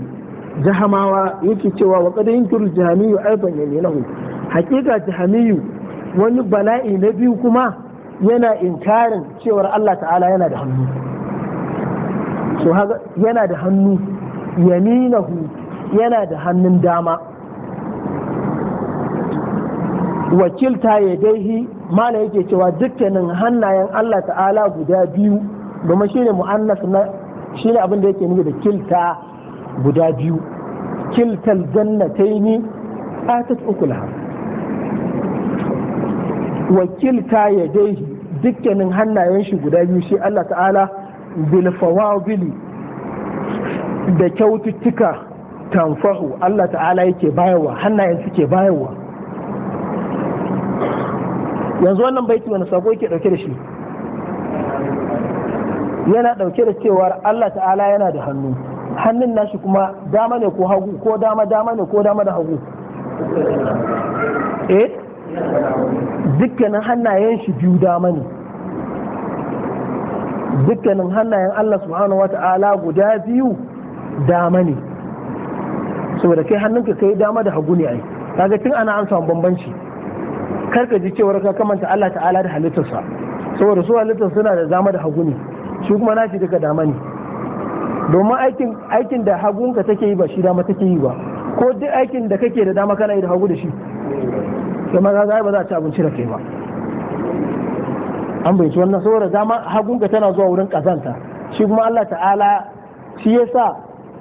[SPEAKER 1] jahamawa yake cewa wa qad yunkiru jahamiyyu aidan yaminahu hakika jihamiyu wani bala'i na biyu kuma yana inkarin cewar Allah ta'ala yana da hannu so yana da hannu yaminahu yana da hannun dama wakilta ya daihi mala yake cewa dukkanin hannayen Allah ta'ala guda biyu domin shine mu'annas na shine abin da yake nufi da kilta guda biyu kiltal jannataini atat wakil wakilta ya daihi dukkanin hannayen shi guda biyu shi Allah ta'ala bilfawabili da kyaututtuka tamfahu Allah ta'ala yake bayarwa hannayen suke bayarwa yanzu wannan baiti wani sabo yake dauke da shi yana dauke da cewar Allah ta'ala yana da hannu hannun nashi kuma dama ne ko hagu ko dama dama ne ko dama da hagu eh dukkanin hannayen shi biyu dama ne dukkanin hannayen Allah subhanahu wa ta'ala guda biyu dama ne saboda kai hannunka kai dama da hagu ne ai kaga tun ana an samu bambanci kar ka ji cewar ka kamanta Allah ta'ala da halittarsa saboda su halittar suna da dama da hagu ne shi kuma nashi duka dama ne domin aikin aikin da hagunka take yi ba shi dama take yi ba ko duk aikin da kake da dama kana yi da hagu da shi kuma ga ba za a ci abinci da kai ba an bai wannan saboda dama hagunka tana zuwa wurin kazanta shi kuma Allah ta'ala shi yasa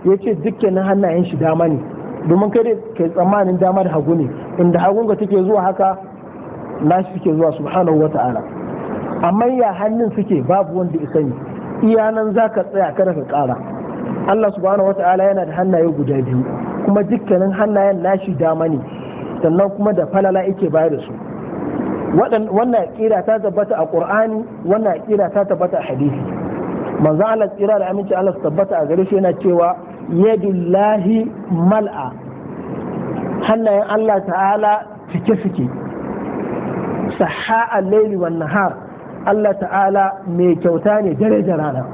[SPEAKER 1] ya ce dukkanin hannayen shi dama ne domin kai kai tsammanin dama da hagu ne inda hagunka take zuwa haka nashi suke zuwa subhanahu wa ta'ala amma ya hannun suke babu wanda ya sani iyanan za ka tsaya kada ka kara Allah subhanahu wa ta'ala yana da hannaye guda biyu kuma dukkanin hannayen nashi dama ne sannan kuma da falala yake bayar da su wannan ƙira ta tabbata a ƙur'ani wannan aqida ta tabbata a hadisi manzo Allah tsira da aminci Allah tabbata a gare shi yana cewa yadullahi mal'a hannayen Allah ta'ala cike suke al Layli wan nahar Allah ta'ala mai kyauta ne dare da rana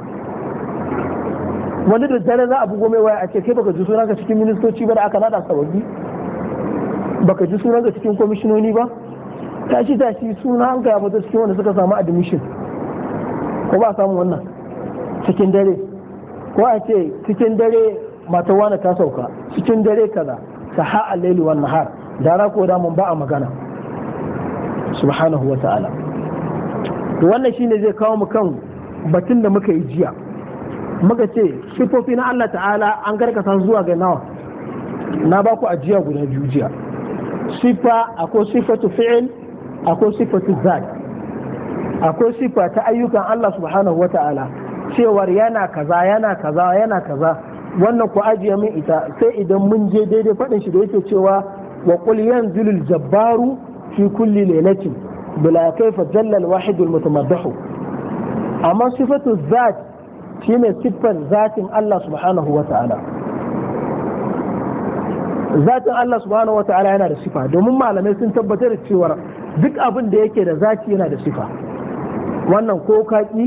[SPEAKER 1] wani da dare za a bugo mai waya a ce kai baka ji sunanka cikin ministoci ba da aka nada sababbi baka ji sunanka cikin kwamishinoni ba tashi tashi suna an kaya fata cikin wanda suka samu admission ko ba samu wannan cikin dare ko a ce cikin dare mata wani ta sauka cikin dare kaza ta a laili har da dara ko da ba a magana subhanahu wa ta'ala wannan shine zai kawo mu kan batun da muka yi jiya muka ce sifofi na Allah ta'ala an karkasa zuwa ga nawa na ba ku ajiya guda biyu jiya sifa akwai sifatu fi'il akwai sifatu zat akwai sifa ta ayyukan Allah subhanahu wata'ala cewar yana kaza yana kaza yana kaza wannan ku ajiye min ita sai idan mun je daidai faɗin shi da yake cewa wa qul yanzilul jabbaru fi kulli lailatin bila kayfa jalla al-wahid al-mutamaddahu amma sifatu zat shine siffar zatin Allah subhanahu wata'ala zatin Allah subhanahu wa ta'ala yana da sifa domin malamai sun tabbatar da cewar duk abin da yake da zaki yana da sifa wannan ko kaki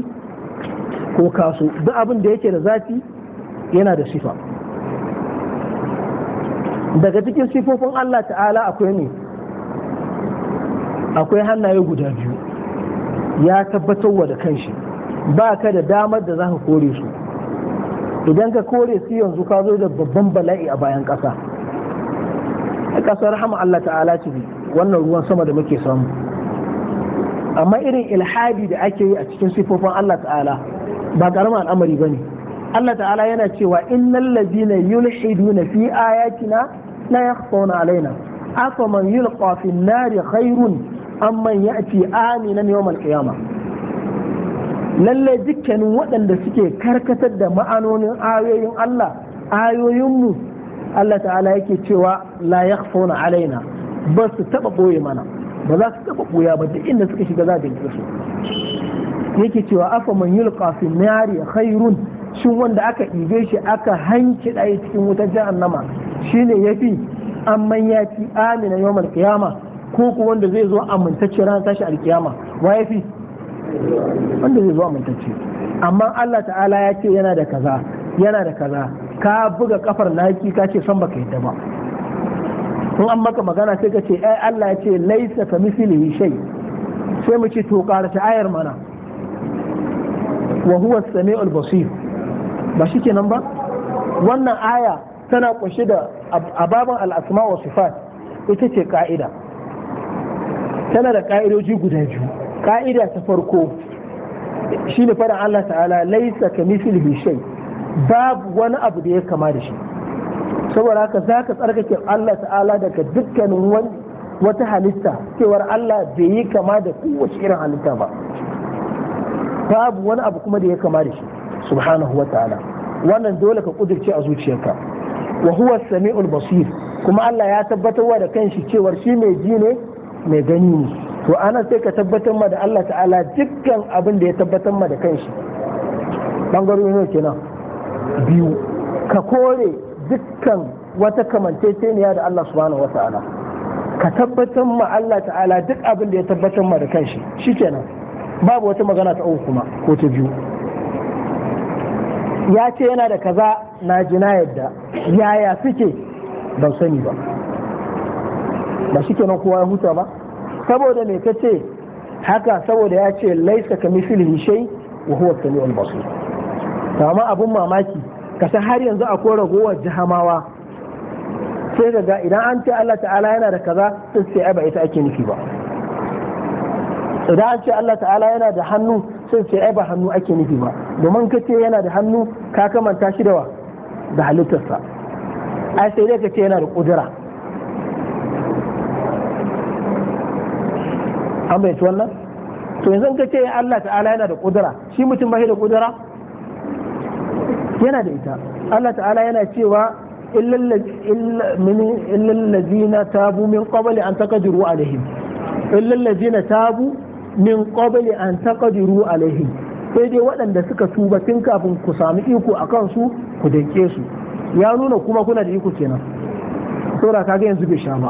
[SPEAKER 1] ko kaso duk abin da yake da zafi yana da sifa daga cikin sifofin Allah ta'ala akwai ne akwai hannaye guda biyu ya tabbatar wa da kanshi ba ka da damar da za ka kore su idan ka kore su yanzu ka zo da babban bala'i a bayan ƙasa a ƙasar rahama Allah ta'ala ce wannan ruwan sama da muke samu amma irin ilhadi da ake yi a cikin sifofin Allah ta'ala ba karama al'amari bane Allah ta'ala yana cewa innal ladina yulhiduna fi ayatina la yakhfawna alaina afa man yulqa fi nari khairun man ya'ti aminan yawmal qiyamah lalle dukkanin waɗanda suke karkatar da ma'anonin ayoyin Allah ayoyinmu Allah ta'ala yake cewa la yakhfawna alaina ba su taba boye mana ba za su taba boya ba duk inda suka shiga za da su yake cewa afa man yulqa fi nari khairun shin wanda aka ibe shi aka hanci dai cikin wutar jahannama shine yafi amman yafi amina yawmal qiyama ko ku wanda zai zo amintacce ran tashi alkiyama wa yafi wanda zai zo amintacce amma Allah ta'ala ya ce yana da kaza yana da kaza ka buga kafar naki ka ce san baka yadda ba kun an maka magana sai ka ce ai Allah ya ce laisa ka mislihi shay sai mu ce to karata ayar mana wa huwa as-sami'ul basir ba shi kenan ba wannan aya tana kunshe da ababan al-asma wa sifat ita ce ka'ida tana da ka'idoji guda biyu ka'ida ta farko shine faɗin Allah ta'ala laisa ka mislihi shay babu wani abu da ya kama da shi saboda haka za ka tsarkake Allah ta'ala daga dukkanin wani wata halitta cewar Allah bai yi kama da kowace irin halitta ba babu wani abu kuma da ya kama da shi subhanahu wa ta'ala wannan dole ka kudirce a zuciyarka wa huwa sami'ul basir kuma Allah ya tabbatar wa da kanshi cewar shi mai ji ne mai gani ne to ana sai ka tabbatar ma da Allah ta'ala dukkan abin da ya tabbatar ma da kanshi bangarori ne kenan biyu ka kore dukkan wata kamanceceniya da Allah subhanahu ta'ala ka tabbatar ma Allah ta'ala duk abin da ya tabbatar ma da kanshi shikenan babu wata magana ta uku kuma ko ta biyu ya ce yana da kaza na ji na yadda yaya suke ban sani ba ba shikenan kowa ya huta ba saboda me kace haka saboda ya ce laisa ka mislihi shay wa huwa samiul basir amma abun mamaki ka san har yanzu akwai ragowar jahamawa sai ka ga idan an ce Allah ta'ala yana da kaza sun sai ai ba ita ake nufi ba idan an ce Allah ta'ala yana da hannu sun sai ai ba hannu ake nufi ba domin ka ce yana da hannu ka kamanta shi da wa da halittarsa ai sai dai ka ce yana da kudura an bai wannan to yanzu ka ce Allah ta'ala yana da kudura shi mutum ba shi da kudura yana da ita Allah ta'ala yana cewa illal ladina tabu min qabli an taqdiru alaihim illal ladina tabu min qabli an taqdiru alaihim sai dai waɗanda suka tuba tun kafin ku sami iko a kansu ku danke su ya nuna kuma kuna da iko kenan saura kaga yanzu bai sha ba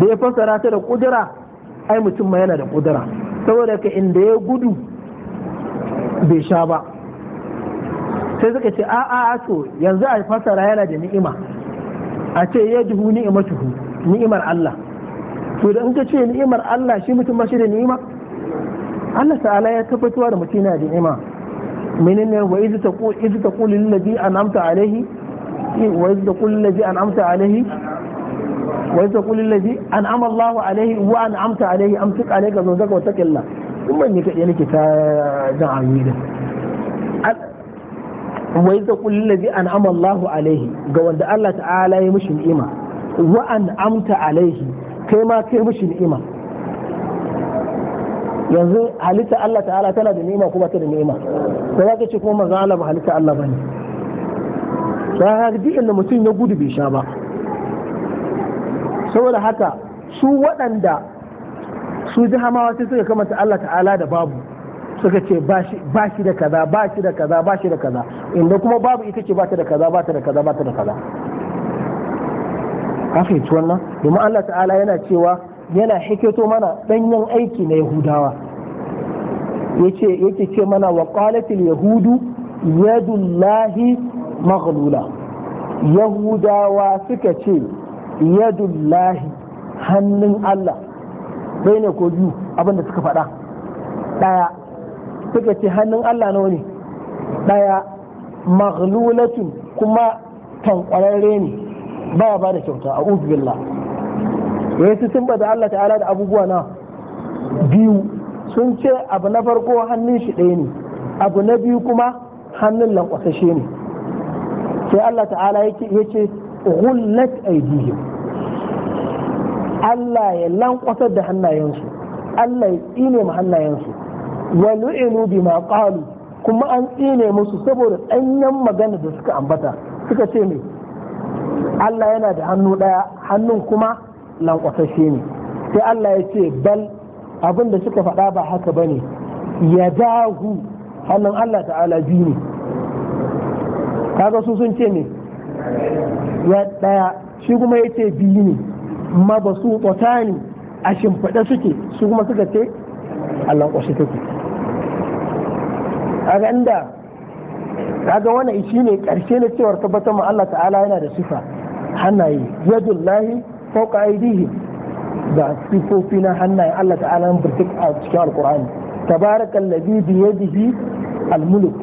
[SPEAKER 1] da ya fassara ta da kudura ai mutum ma yana da kudura saboda ka inda ya gudu bai sha ba sai suka ce a'a a to yanzu a fasara yana da ni'ima a ce ya ni'ima ni'imatuhu ni'imar Allah to da in ka ce ni'imar Allah shi mutum ma shi da ni'ima Allah ta'ala ya tabbatuwa da mutum yana da ni'ima menene wa iz taqul iz taqul lil ladhi an'amta alayhi wa iz taqul lil ladhi an'amta alayhi wa iz taqul lil ladhi an'ama Allah alayhi wa an'amta alayhi amsik alayka zawjaka wa taqilla kuma ne kade nake ta jan ayi da wa iza kullu ladhi an'ama Allahu alaihi ga wanda Allah ta'ala ya mishi ni'ima wa an'amta alaihi kai ma kai mishi ni'ima yanzu halitta Allah ta'ala tana da ni'ima kuma ta da ni'ima sai za ka ce kuma manzo Allah ba halitta Allah bane ba duk inda mutum ya gudu bai sha ba saboda haka su waɗanda su jihamawa sai suka kamata Allah ta'ala da babu suka ce ba shi da kaza ba shi da kaza ba shi da kaza inda kuma babu ita ce ba ta da kaza ba ta da kaza ba ta da kaza ka fahimci wannan domin Allah ta'ala yana cewa yana hikito mana danyen aiki na yahudawa yace yake ce mana wa qalatil yahudu yadullahi maghlula yahudawa suka ce yadullahi hannun Allah bai ne ko biyu abinda suka faɗa ɗaya suka ce hannun Allah nawa ne daya maglulatun kuma tankwararre ne ba ba da kyauta a billah wai su sun bada Allah ta'ala da abubuwa na biyu sun ce abu na farko hannun shi ɗaya ne abu na biyu kuma hannun lankwasashe ne sai Allah ta'ala ya ce yi aydihim Allah ya lankwasar da hannayensu Allah ya tsine ma hannayensu wa lu'inu bima qalu kuma an tsine musu saboda danyen magana da suka ambata suka ce me Allah yana da hannu daya hannun kuma shi ne sai Allah ya ce bal abin da suka faɗa ba haka bane ya dahu hannun Allah ta'ala biyu ne kaga su sun ce ne ya daya shi kuma ya ce biyu ne ma ba su tsotani a shimfiɗe suke su kuma suka ce Allah ƙwashi take kaga inda kaga wannan shi ne karshe na cewar tabbatar ma Allah ta'ala yana da sifa hannaye yadullahi fawqa aydihi da sifofi na hannaye Allah ta'ala nan burtuk a cikin alqur'ani tabarakallazi bi yadihi almulk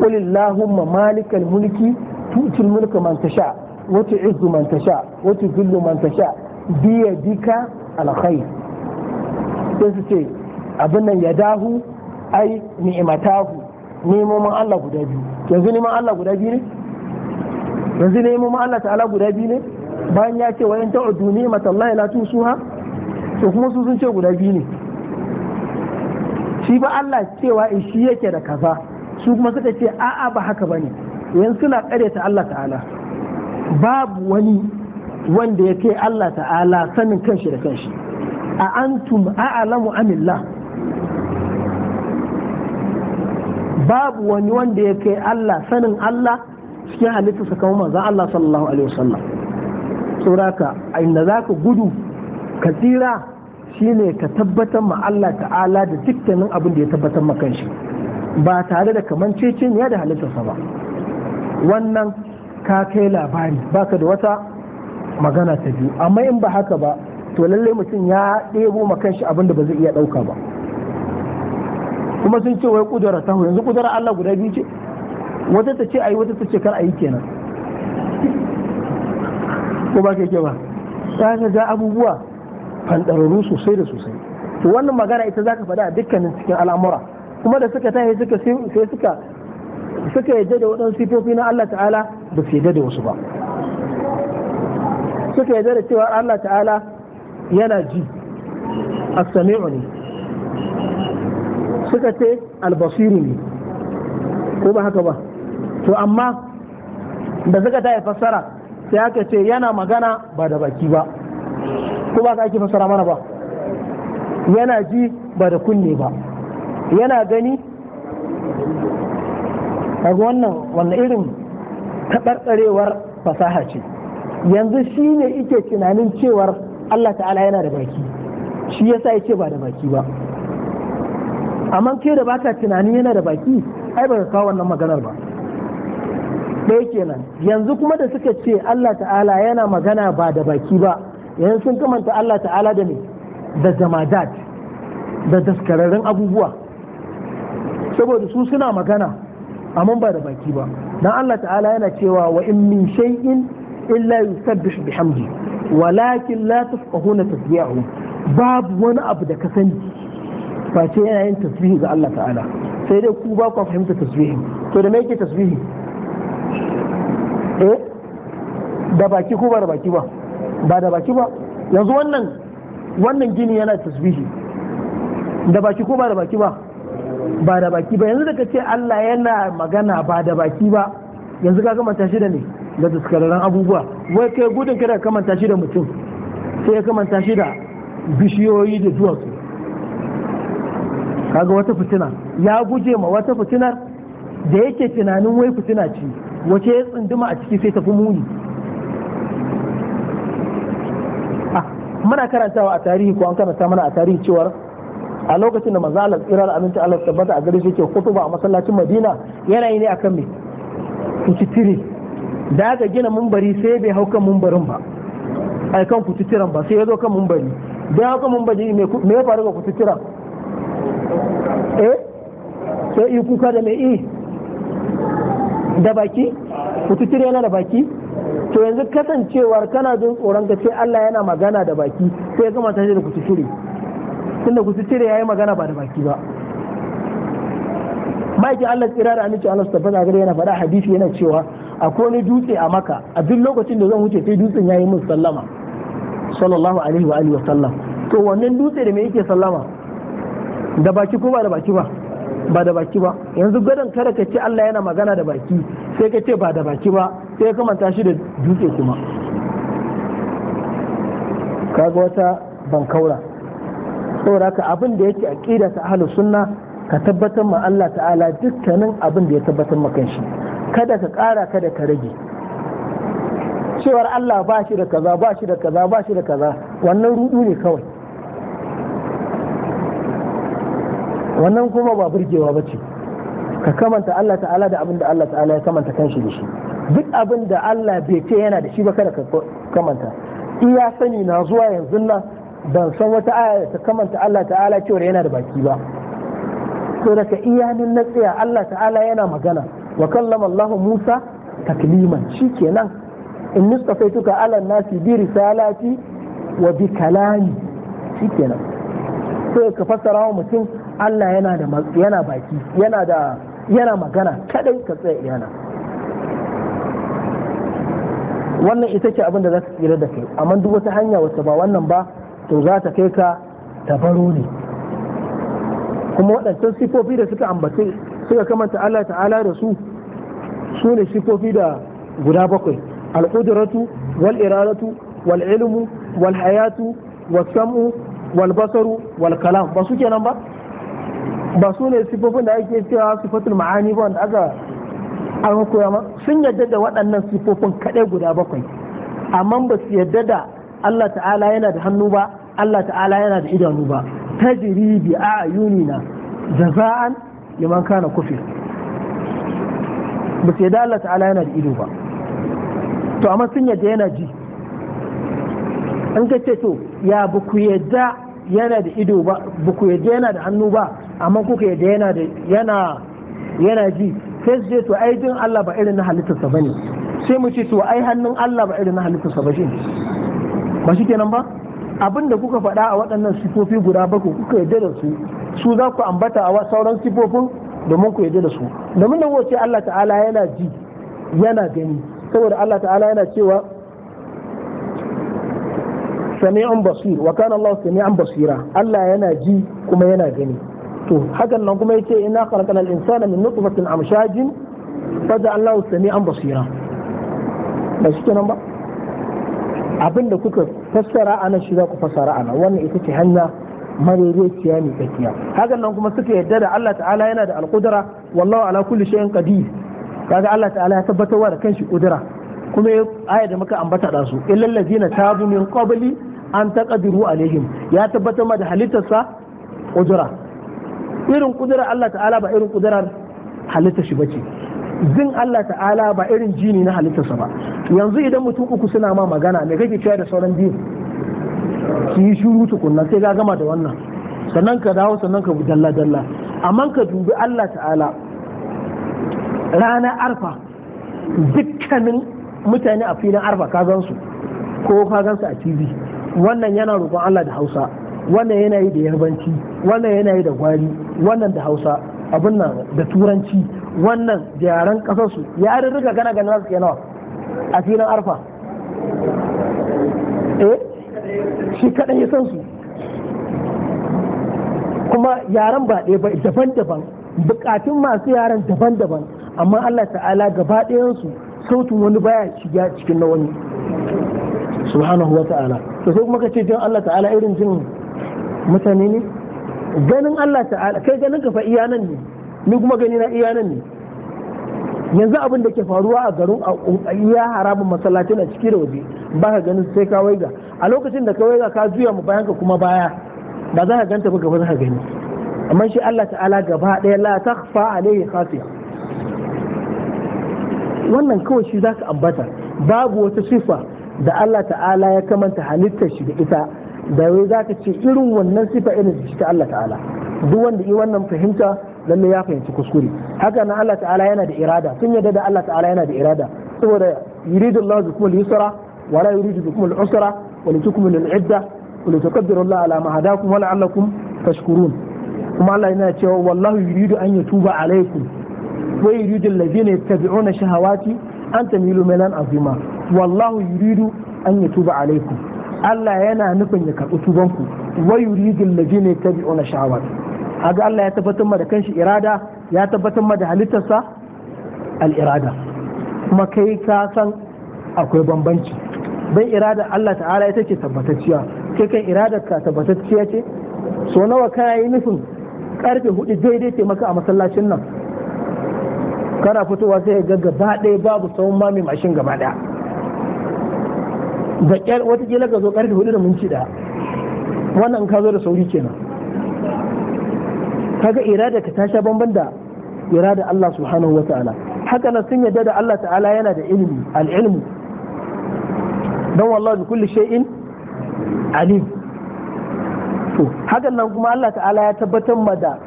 [SPEAKER 1] qul allahumma al mulki tu'til mulka man tasha wa tu'izzu man tasha wa tudhillu man tasha bi yadika alkhair sai su ce abin nan ya dahu ai ni'imatahu nemomin Allah guda biyu yanzu neman Allah guda biyu ne yanzu nemomin Allah ta'ala guda biyu ne bayan ya ce wayan ta'udu Allah la tusuha to kuma su sun ce guda biyu ne shi ba Allah cewa in eh, shi yake da kaza su kuma suka ce a'a ba haka bane yanzu suna ta Allah ta'ala babu wani wanda ya kai Allah ta'ala sanin kanshi da kanshi a antum a'lamu amillah babu wani wanda ya kai Allah sanin Allah cikin halitta su maza manzon Allah sallallahu alaihi wasallam sauraka inda zaka gudu ka tsira shine ka tabbatar ma Allah ta'ala da dukkanin abin da ya tabbatar ma kanshi ba tare da ya da halittarsa ba wannan ka kai labari baka da wata magana ta biyu amma in ba haka ba to lallai mutum ya ɗebo ma kanshi abin da ba zai iya ɗauka ba kuma sun ce wai kudura ta yanzu kudura Allah guda biyu ce wata ta ce ayi wata ta ce kar ayi kenan ko ba ke ba ta ga ga abubuwa fandararru sosai da sosai to wannan magana ita zaka faɗa a dukkanin cikin al'amura kuma da suka tahi suka sai suka suka yadda da waɗansu sifofi na Allah ta'ala ba su yadda da wasu ba suka yadda da cewa Allah ta'ala yana ji as-sami'u ne suka ce albasiru ne ko ba haka ba to amma da suka ta yi fassara sai aka ce yana magana ba da baki ba ko ba ka ake fassara mana ba yana ji ba da kunne ba yana gani kaga wannan wannan irin taɓarɓarewar fasaha ce yanzu shi ne ike tunanin cewar Allah ta'ala yana da baki shi yasa ya ce ba da baki ba amma ke da baka tunani yana da baki ai ba kawo wannan maganar ba ɗaya kenan yanzu kuma da suka ce Allah ta'ala yana magana ba da baki ba yanzu sun kamanta Allah ta'ala da ne da jamadat da daskararren abubuwa saboda su suna magana amma ba da baki ba dan Allah ta'ala yana cewa wa in min shay'in illa yusabbih bihamdi walakin la tafqahuna tasbihahu babu wani abu da ka sani face yana yin tasbihi ga Allah ta'ala sai dai ku ba ku fahimta tasbihi to da me yake tasbihi eh da baki ko ba da baki ba ba da baki ba yanzu wannan wannan gini yana tasbihi da baki ko ba da baki ba ba da baki ba yanzu da ce Allah yana magana ba da baki ba yanzu ka gama tashi da ne da daskararren abubuwa wai kai gudun kada ka kamanta shi da mutum sai ya kamanta shi da bishiyoyi da duwatsu kaga wata fitina ya guje ma wata fitinar da yake tunanin wai fitina ce wace ya tsunduma a ciki sai tafi muni ah, muna karantawa a tarihi ko an karanta mana a tarihi cewar a lokacin da manzo Allah aminta aminci Allah tabbata a gare shi yake kutuba a masallacin Madina yana yi ne akan me kutitire da aka gina mumbari sai bai hau kan mumbarin ba ai kan kutitiran ba sai ya zo kan mumbari da ya hau kan mumbari me ya faru ga kutitiran eh sai yi kuka da mai yi da baki ku tutire yana da baki to yanzu kasancewar kana jin tsoron ka ce Allah yana magana da baki sai ya gama tare da ku tutire tunda ku tutire yayi magana ba da baki ba maki Allah tsira da aminci Allah tabbata gare yana faɗa hadisi yana cewa akwai wani dutse a maka a duk lokacin da zan wuce sai dutsen yayi min sallama sallallahu alaihi wa alihi wa sallam to wannan dutse da me yake sallama da baki ko ba da baki ba ba da baki ba yanzu gadon kada ka ce Allah yana magana da baki sai ka ce ba da baki ba sai ka manta shi da dutse kuma kaga wata bankaura saboda ka abin da yake aqida ta ahlu sunna ka tabbatar ma Allah ta'ala dukkanin abin da ya tabbatar maka shi kada ka kara kada ka rage cewar Allah ba shi da kaza ba shi da kaza ba shi da kaza wannan rudu ne kawai wannan kuma ba burgewa ba ce ka kamanta Allah ta'ala da abin da Allah ta'ala ya kamanta kanshi da shi duk abin da Allah bai ce yana da shi ba kada ka kamanta iya sani na zuwa yanzu nan ban san wata aya ta kamanta Allah ta'ala cewa yana da baki ba to daga iyanin na tsaya Allah ta'ala yana magana wa kallama Allah Musa takliman shikenan in ka ala nasi bi risalati wa bi kalami shikenan sai ka fassara wa mutum Allah yana da yana baki yana da yana magana kadai ka tsaya yana wannan ita ce abin da za ta tsira da kai amma duk wata hanya wacce ba wannan ba to za ta kai ka tabaro ne kuma waɗancan sifofi da suka ambace suka kamanta Allah ta'ala da su su ne sifofi da guda bakwai al-qudratu wal iradatu wal ilmu wal hayatu wal sam'u wal basaru wal kalam ba su kenan ba ba su ne sifofin da ake cewa sifatul ma'ani ba wanda aka an koya ma sun yadda da waɗannan sifofin kaɗai guda bakwai amma ba su yadda da Allah ta'ala yana da hannu ba Allah ta'ala yana da idanu ba tajiri bi da jaza'an liman kana kufir ba su yadda Allah ta'ala yana da ido ba to amma sun yadda yana ji an ka ce to ya ba ku yadda yana da ido ba ba ku yadda yana da hannu ba amma kuka yadda yana da yana yana ji sai su to ai jin Allah ba irin na halittarsa bane sai mu ce to ai hannun Allah ba irin na halittarsa ba shine ba shi kenan ba abin da kuka faɗa a waɗannan sifofi guda ku kuka yadda da su su za ku ambata a sauran sifofin domin ku yadda da su domin da wace Allah ta'ala yana ji yana gani saboda Allah ta'ala yana cewa sami'un basir wa kana Allah sami'un basira Allah yana ji kuma yana gani to hakan nan kuma yace inna khalaqal insana min nutfatin amshajin faja'alnahu sami'an basira ba shi kenan ba abin da kuka fassara ana shi za ku fassara ana wannan ita ce hanya madaidaiciya ne tsakiya hakan nan kuma suka yarda da Allah ta'ala yana da alqudra wallahu ala kulli shay'in qadir kaga Allah ta'ala ya tabbatarwa da kanshi kudura kuma aya da muka ambata da su illal ladina tabu min qabli an taqdiru alaihim ya tabbatar ma da halittarsa kudura irin kudurar Allah ta'ala ba irin kudurar halitta shi bace jin Allah ta'ala ba irin jini na halittarsa ba yanzu idan mutum uku suna ma magana me kake cewa da sauran biyu su yi shuru tukunna sai ka gama da wannan sannan ka dawo sannan ka dalla dalla amma ka dubi Allah ta'ala ranar arfa dukkanin mutane a filin arfa ka gansu ko ka gansu a tv wannan yana roƙon Allah da Hausa wannan yana yi da yarbanci wannan yana yi da gwari wannan da hausa abin nan da turanci wannan da yaren kasarsu ya riga gana gana su nawa a filin arfa eh shi kaɗan ya san su kuma yaren ba ɗaya ba daban-daban bukatun masu yaren daban-daban amma Allah ta'ala gaba ɗayansu sautin wani baya shiga cikin na wani subhanahu wa ta'ala to sai kuma ka ce jin Allah ta'ala irin jin mutane ne ganin Allah ta'ala kai ganin ka fa iya nan ne ni kuma gani na iya nan ne yanzu abin da ke faruwa a garin a iya haramun masallacin a ciki da waje ba ka ganin sai ka waiga a lokacin da ka waiga ka juya mu bayan ka kuma baya ba za ka ganta ba gaba za ka gani amma shi Allah ta'ala gaba daya la takhfa alayhi khafiya wannan kawai shi zaka ambata babu wata sifa da Allah ta'ala ya kamanta halittar shi da ita da wai za ka ce irin wannan sifa irin ta Allah ta'ala duk wanda yi wannan fahimta lalle ya fahimci kuskure haka nan Allah ta'ala yana da irada sun yadda da Allah ta'ala yana da irada saboda yuridu Allah bikum al-yusra wa la yuridu bikum al-usra wa litukmilu al-idda wa litakabbiru Allah ala ma hadakum wa la'allakum tashkurun kuma Allah yana cewa wallahu yuridu an yatuba alaykum wa yuridu alladhina yattabi'una shahawati an tamilu milan azima wallahu yuridu an yatuba alaykum Allah yana nufin ya karɓi tubanku jini ta bi ona shahawat aga Allah ya tabbatar ma da kanshi irada ya tabbatar ma da halittarsa al'irada kuma kai ka san akwai bambanci ban irada Allah ta'ala ita ce tabbatacciya kai kan iradar ka tabbatacciya ce so nawa kayi yi nufin karfe hudu daidai ce maka a masallacin nan kana fitowa sai ga gaba ɗaya babu tsawon mami mashin gaba ɗaya da wata kila ka zo karfe hudu da minti da. wannan ka zo da sauri kenan kaga irada ka tasha banban da irada Allah subhanahu wa ta'ala haka nan sun yadda da Allah ta'ala yana da ilimi al-ilmu dan wallahi bi kulli shay'in alim to haka nan kuma Allah ta'ala ya tabbatar ma da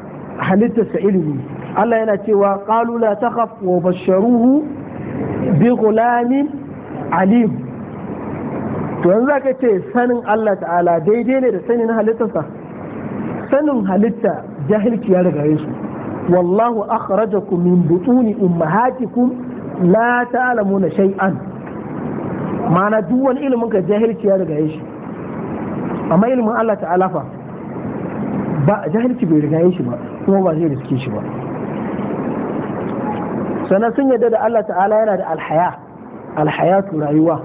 [SPEAKER 1] halittarsa ilimi Allah yana cewa qalu la takhaf wa basharuhu bi ghulamin alim to yanzu za ka ce sanin Allah ta'ala daidai ne da sanin halittarsa sanin halitta jahilci ya riga su wallahu akhrajakum min butuni ummahatikum la ta'lamuna shay'an ma'ana duk wani ilimin ka jahilci ya riga shi amma ilimin Allah ta'ala fa ba jahilci bai riga shi ba kuma ba zai riske shi ba sannan sun yarda da Allah ta'ala yana da alhaya alhayatu rayuwa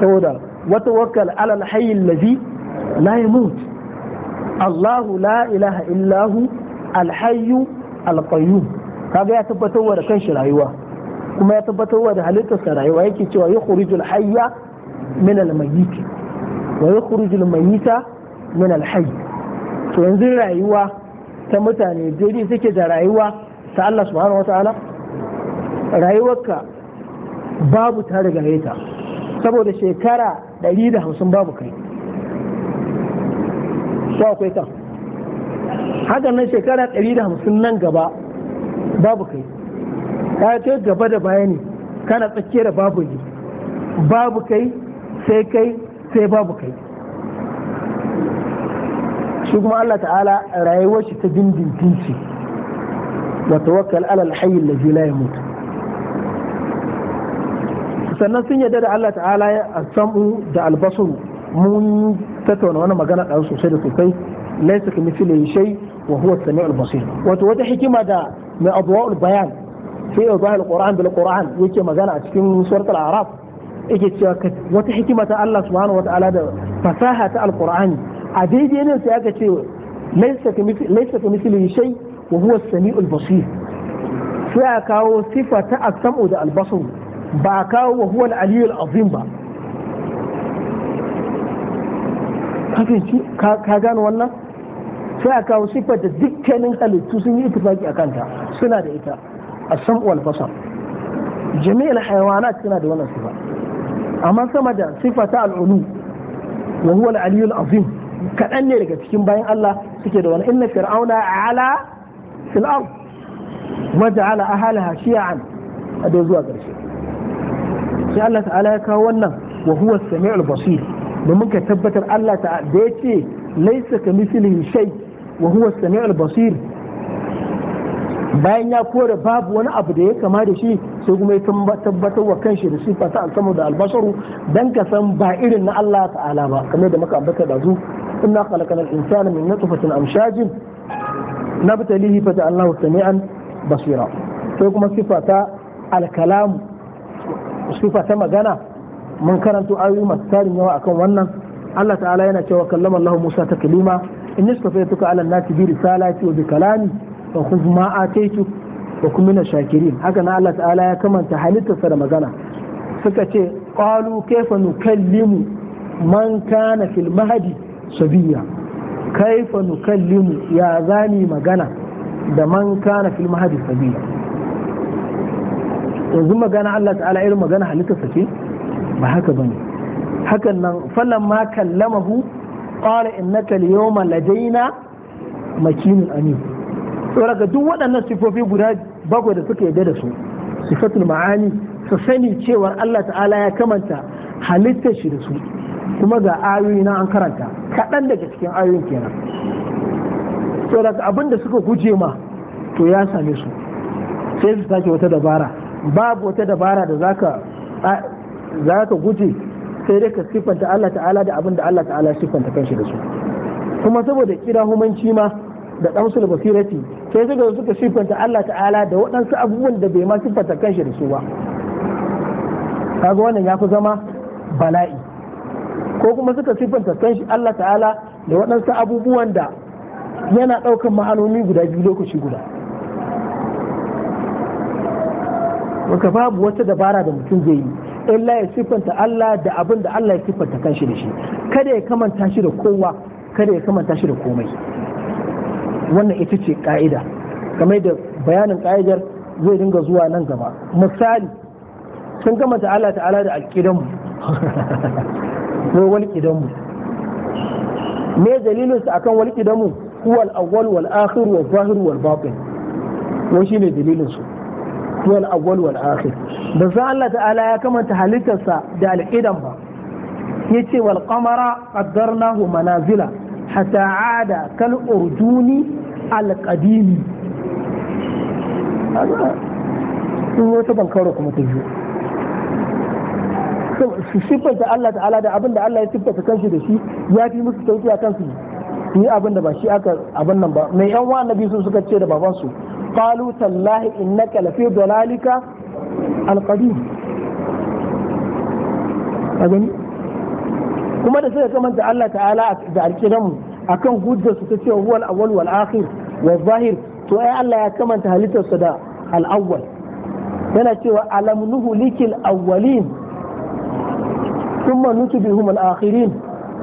[SPEAKER 1] saboda wata wakal alal hayyin lazi la yamut Allahu la ilaha illahu alhayyu alqayyum kaga ya tabbatarwa da kanshi rayuwa kuma ya tabbatarwa da halittarsa rayuwa yake cewa yukhrijul hayya min almayyit wa yukhrijul mayyita min alhayy to yanzu rayuwa ta mutane daidai suke da rayuwa ta Allah subhanahu wataala rayuwarka babu ta rigaye ta saboda shekara 150 babu kai su akwai kan hakan nan shekara 150 nan gaba babu kai ka ce gaba da bayani kana tsakiyar da babu yi babu kai sai kai sai babu kai shi kuma Allah ta'ala rayuwar shi ta dindin ce wa tawakkal ala alhayy allazi la yamut sannan sun yarda da Allah ta'ala ya samu da albasu mun tattauna wani magana ɗan sosai da sosai laisa ka misali shai wa huwa sami'ul basir wato wata hikima da mai adwa'ul bayan sai ya zahar qur'an bil qur'an yake magana a cikin suratul a'raf yake cewa wata hikima ta Allah subhanahu wa ta'ala da fasaha ta alqur'ani a daidai ne sai aka ce laisa ka misali shai wa huwa sami'ul basir sai a kawo sifa ta as-sam'u da al-basar ba kawo wa huwa aliyul azim ba ka gano wannan sai a kawo siffar da dukkanin halittu sun yi itifaki a kanta suna da ita a san wal basar jami'il hayawanat suna da wannan sifa amma sama da sifa ta al'ulu wa huwa al-aliyul azim kaɗan ne daga cikin bayan Allah suke da wani inna fir'auna ala fil ard wa ja'ala ahlaha shi'an a zuwa ƙarshe sai Allah ta'ala ya kawo wannan wa huwa samiul basir domin ka tabbatar Allah ta'ala da yace laysa kamithlihi shay wa huwa samiul basir bayan ya kore babu wani abu da ya kama da shi sai kuma ya tabbatar wa kanshi da sifa ta alkamu da albasaru dan ka san ba irin na Allah ta'ala ba kamar da muka ambata da zu inna khalaqana al-insana min nutfatin amshajin nabtalihi fa ja'alnahu sami'an basira sai kuma sifa ta sufa ta magana mun karanto ayoyi masu tarin yawa akan wannan Allah ta'ala yana cewa kallama Allah Musa ta kalima in nistafaytuka ala nati bi risalati wa bi kalami fa khudh ma ataitu wa shakirin haka na Allah ta'ala ya kamanta halittarsa da magana suka ce qalu kayfa nukallimu man kana fil mahdi sabiya kaifa nukallimu ya zani magana da man kana fil mahdi sabiya yanzu magana Allah ta'ala irin magana halitta sake ba haka bane hakan nan falan ma kallamahu qala innaka al-yawma ladaina makinun amin daga duk waɗannan sifofi guda bakwai da suka yadda da su sifatul ma'ani su sani cewar Allah ta'ala ya kamanta halitta shi da su kuma ga ayoyi na an karanta kaɗan daga cikin ayoyin kenan daga abin da suka guje ma to ya same su sai su sake wata dabara babu wata dabara da zaka zaka guje sai dai ka siffanta Allah ta'ala da abin da Allah ta'ala siffanta kanshi da su kuma saboda kira humanci ma da damsul basirati sai suka suka siffanta Allah ta'ala da waɗansu abubuwan da bai ma siffanta kanshi da su ba kaga wannan ya fi zama bala'i ko kuma suka siffanta kanshi Allah ta'ala da waɗansu abubuwan da yana ɗaukan ma'anoni guda biyu lokaci guda maka babu wata dabara da mutum zai yi illa ya siffanta Allah da abin da Allah ya siffanta kanshi da shi kada ya kamanta shi da kowa kada ya kamanta shi da komai wannan ita ce ka'ida Kamar da bayanin ka'idar zai dinga zuwa nan gaba misali sun gama ta Allah ta'ala da alƙidanmu [LAUGHS] ko wani me dalilin su akan wani ƙidanmu huwa al-awwal wal akhir wal zahir wal batin wani shine dalilin su wal awwal wal akhir da san Allah ta'ala ya kamanta halittarsa da al'idan ba yace wal qamara qaddarnahu manazila hatta ada kal urduni al qadimi sun wata bankaro kuma ta biyu su siffanta Allah ta'ala da abin da Allah ya siffanta kanshi da shi ya fi musu sauki a kansu yi abin da ba shi aka abin nan ba mai yan wa annabi sun suka ce da babansu qalu tallahi innaka lafi dalalika alqadim a gani kuma da suka kamanta Allah ta'ala da alkiranmu akan hujjar su ta ce huwal awwal wal akhir wal zahir to ai Allah ya kamanta halittarsa da al awwal yana cewa alam nuhlikil awwalin thumma nutbihum al akhirin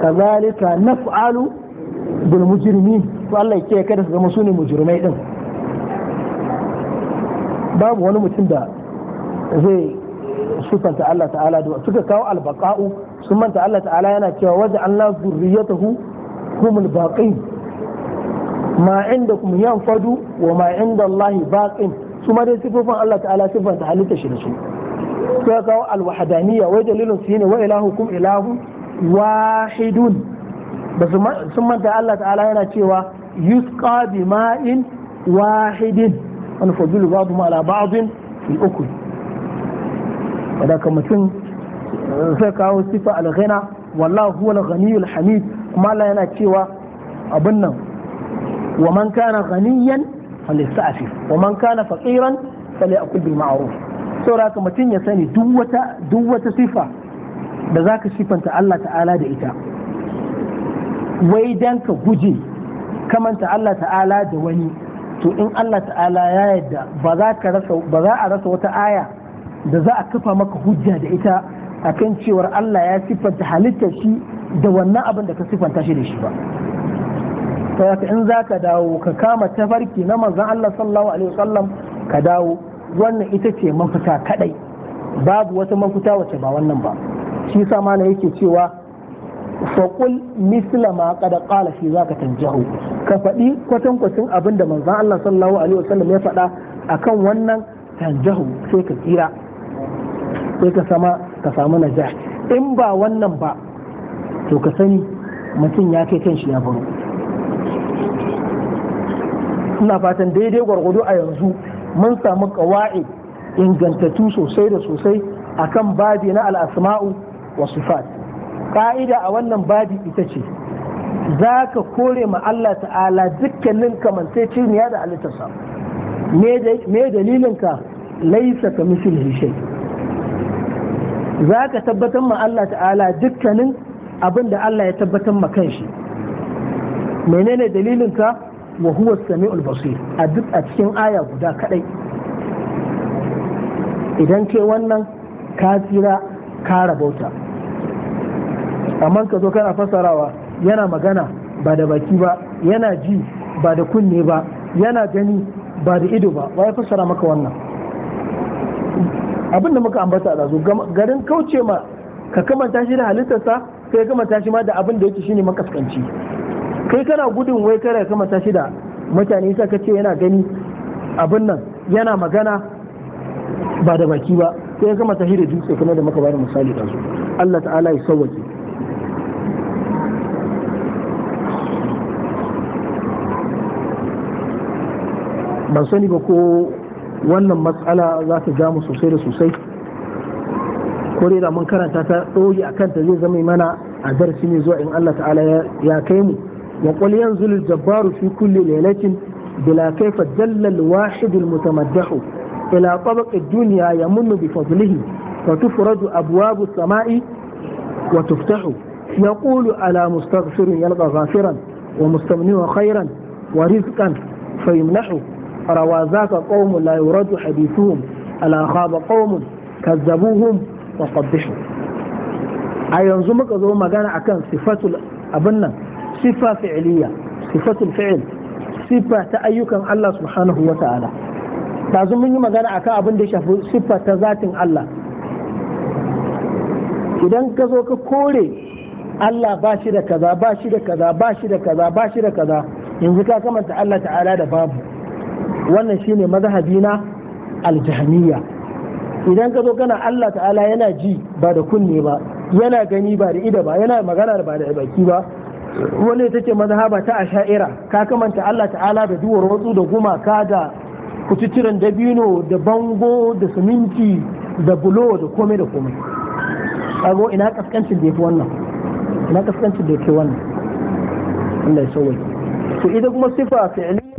[SPEAKER 1] kazalika naf'alu bil mujrimin to Allah ya ce kada su zama sune mujrimai din babu wani mutum da zai sufanta Allah ta'ala da suka kawo albaqa'u sun manta Allah ta'ala yana cewa waje Allah zurriyatahu humul baqin ma indakum yanfadu wa ma inda Allah baqin su ma dai sifofin Allah ta'ala sifanta halitta shi da su suka kawo alwahdaniyya wai dalilun su ne wa ilahukum ilahu wahidun ba sun manta Allah ta'ala yana cewa yusqa bima'in wahidin ونفضل بعضهم على بعض في الأكل ولكن متن سكاو صفة الغنى والله هو الغني الحميد kuma Allah yana cewa abin nan wa man kana ghaniyan falyasta'fif wa man kana faqiran falyakul bil ma'ruf saboda haka mutum ya sani duk wata duk wata sifa da zaka sifanta Allah ta'ala da ita wai dan ka guje kamanta Allah ta'ala da wani to in Allah ta'ala ya yadda ba za a rasa wata aya da za a kafa maka hujja da ita akan cewar Allah ya siffanta halittar shi da wannan abin da ka siffanta shi da shi ba saboda in za ka dawo ka kama tafarki na manzon Allah sallallahu alaihi wasallam ka dawo wannan ita ce mafita kadai babu wata mafita wace ba wannan ba shi yasa malam yake cewa faƙul misla ma kada ƙala shi za ka tanjahu ka faɗi kwatankwacin abin da manzan Allah sallallahu alaihi wasallam ya faɗa kan wannan tanjahu sai ka tsira sai ka sama ka samu najah in ba wannan ba to ka sani mutum ya kai kanshi ya baro ina fatan daidai gwargwado a yanzu mun samu kawai ingantattu sosai da sosai akan babi na al'asma'u wa sifat ka'ida a wannan babi ita ce za ka kore ma Allah ta'ala dukkanin kamanceceniya da halittarsa me dalilinka laisa ka misil hishe za ka tabbatar ma Allah ta'ala dukkanin abin da Allah ya tabbatar ma kanshi menene dalilinka wa huwa sami'ul basir a duk a cikin aya guda kadai idan ke wannan ka tsira ka rabauta amma ka zo kana fasarawa yana magana ba da baki ba yana ji ba da kunne ba yana gani ba da ido ba wai fassara maka wannan abin da muka ambata a zo garin kauce ma ka kama tashi da halittarsa sai ka kamanta tashi ma da abin da yake shine makaskanci kai kana gudun wai kare ka kama tashi da mutane sai ka ce yana gani abin nan yana magana ba da baki ba sai ka kamanta tashi da dutse kuma da muka bada misali dazu Allah ta'ala ya sauwake ban sani ba ko wannan matsala za ta ja mu sosai da sosai ko dai da mun karanta ta ɗoyi a kanta zai zama mana a darasi ne zuwa in Allah ta'ala ya kai mu wa qul yanzul jabbaru fi kulli lailatin bila kayfa dalla al-wahid al-mutamaddahu ila tabaq ad-dunya yamunu bi fadlihi wa tufradu abwab as-sama'i wa tuftahu yaqulu ala mustaghfirin yalqa ghafiran wa mustamni wa ومستمنه wa rizqan فيمنحه rawa zaka qaumun la yuradu hadithuhum ala khaba qaumun kazzabuhum wa qaddishu a yanzu muka zo magana akan sifatul abin nan sifa fi'liya sifatul fi'l sifa ta ayyukan Allah subhanahu wa ta'ala yanzu mun yi magana akan abin da shafi sifa ta zatin Allah idan ka zo ka kore Allah ba shi da kaza ba shi da kaza ba shi da kaza ba shi da kaza yanzu ka kamanta Allah ta'ala da babu wannan shine mazhabi na aljahmiya idan ka zo kana Allah ta'ala yana ji ba da kunne ba yana gani ba da ida ba yana magana ba da baki ba wani take mazhaba ta asha'ira ka kamanta Allah ta'ala da duwar watsu da gumaka da kututuran dabino da bango da siminti da bulo da komai da komai kago ina kaskancin da yake wannan ina kaskancin da yake wannan Allah ya sauwaye to ita kuma sifa fi'li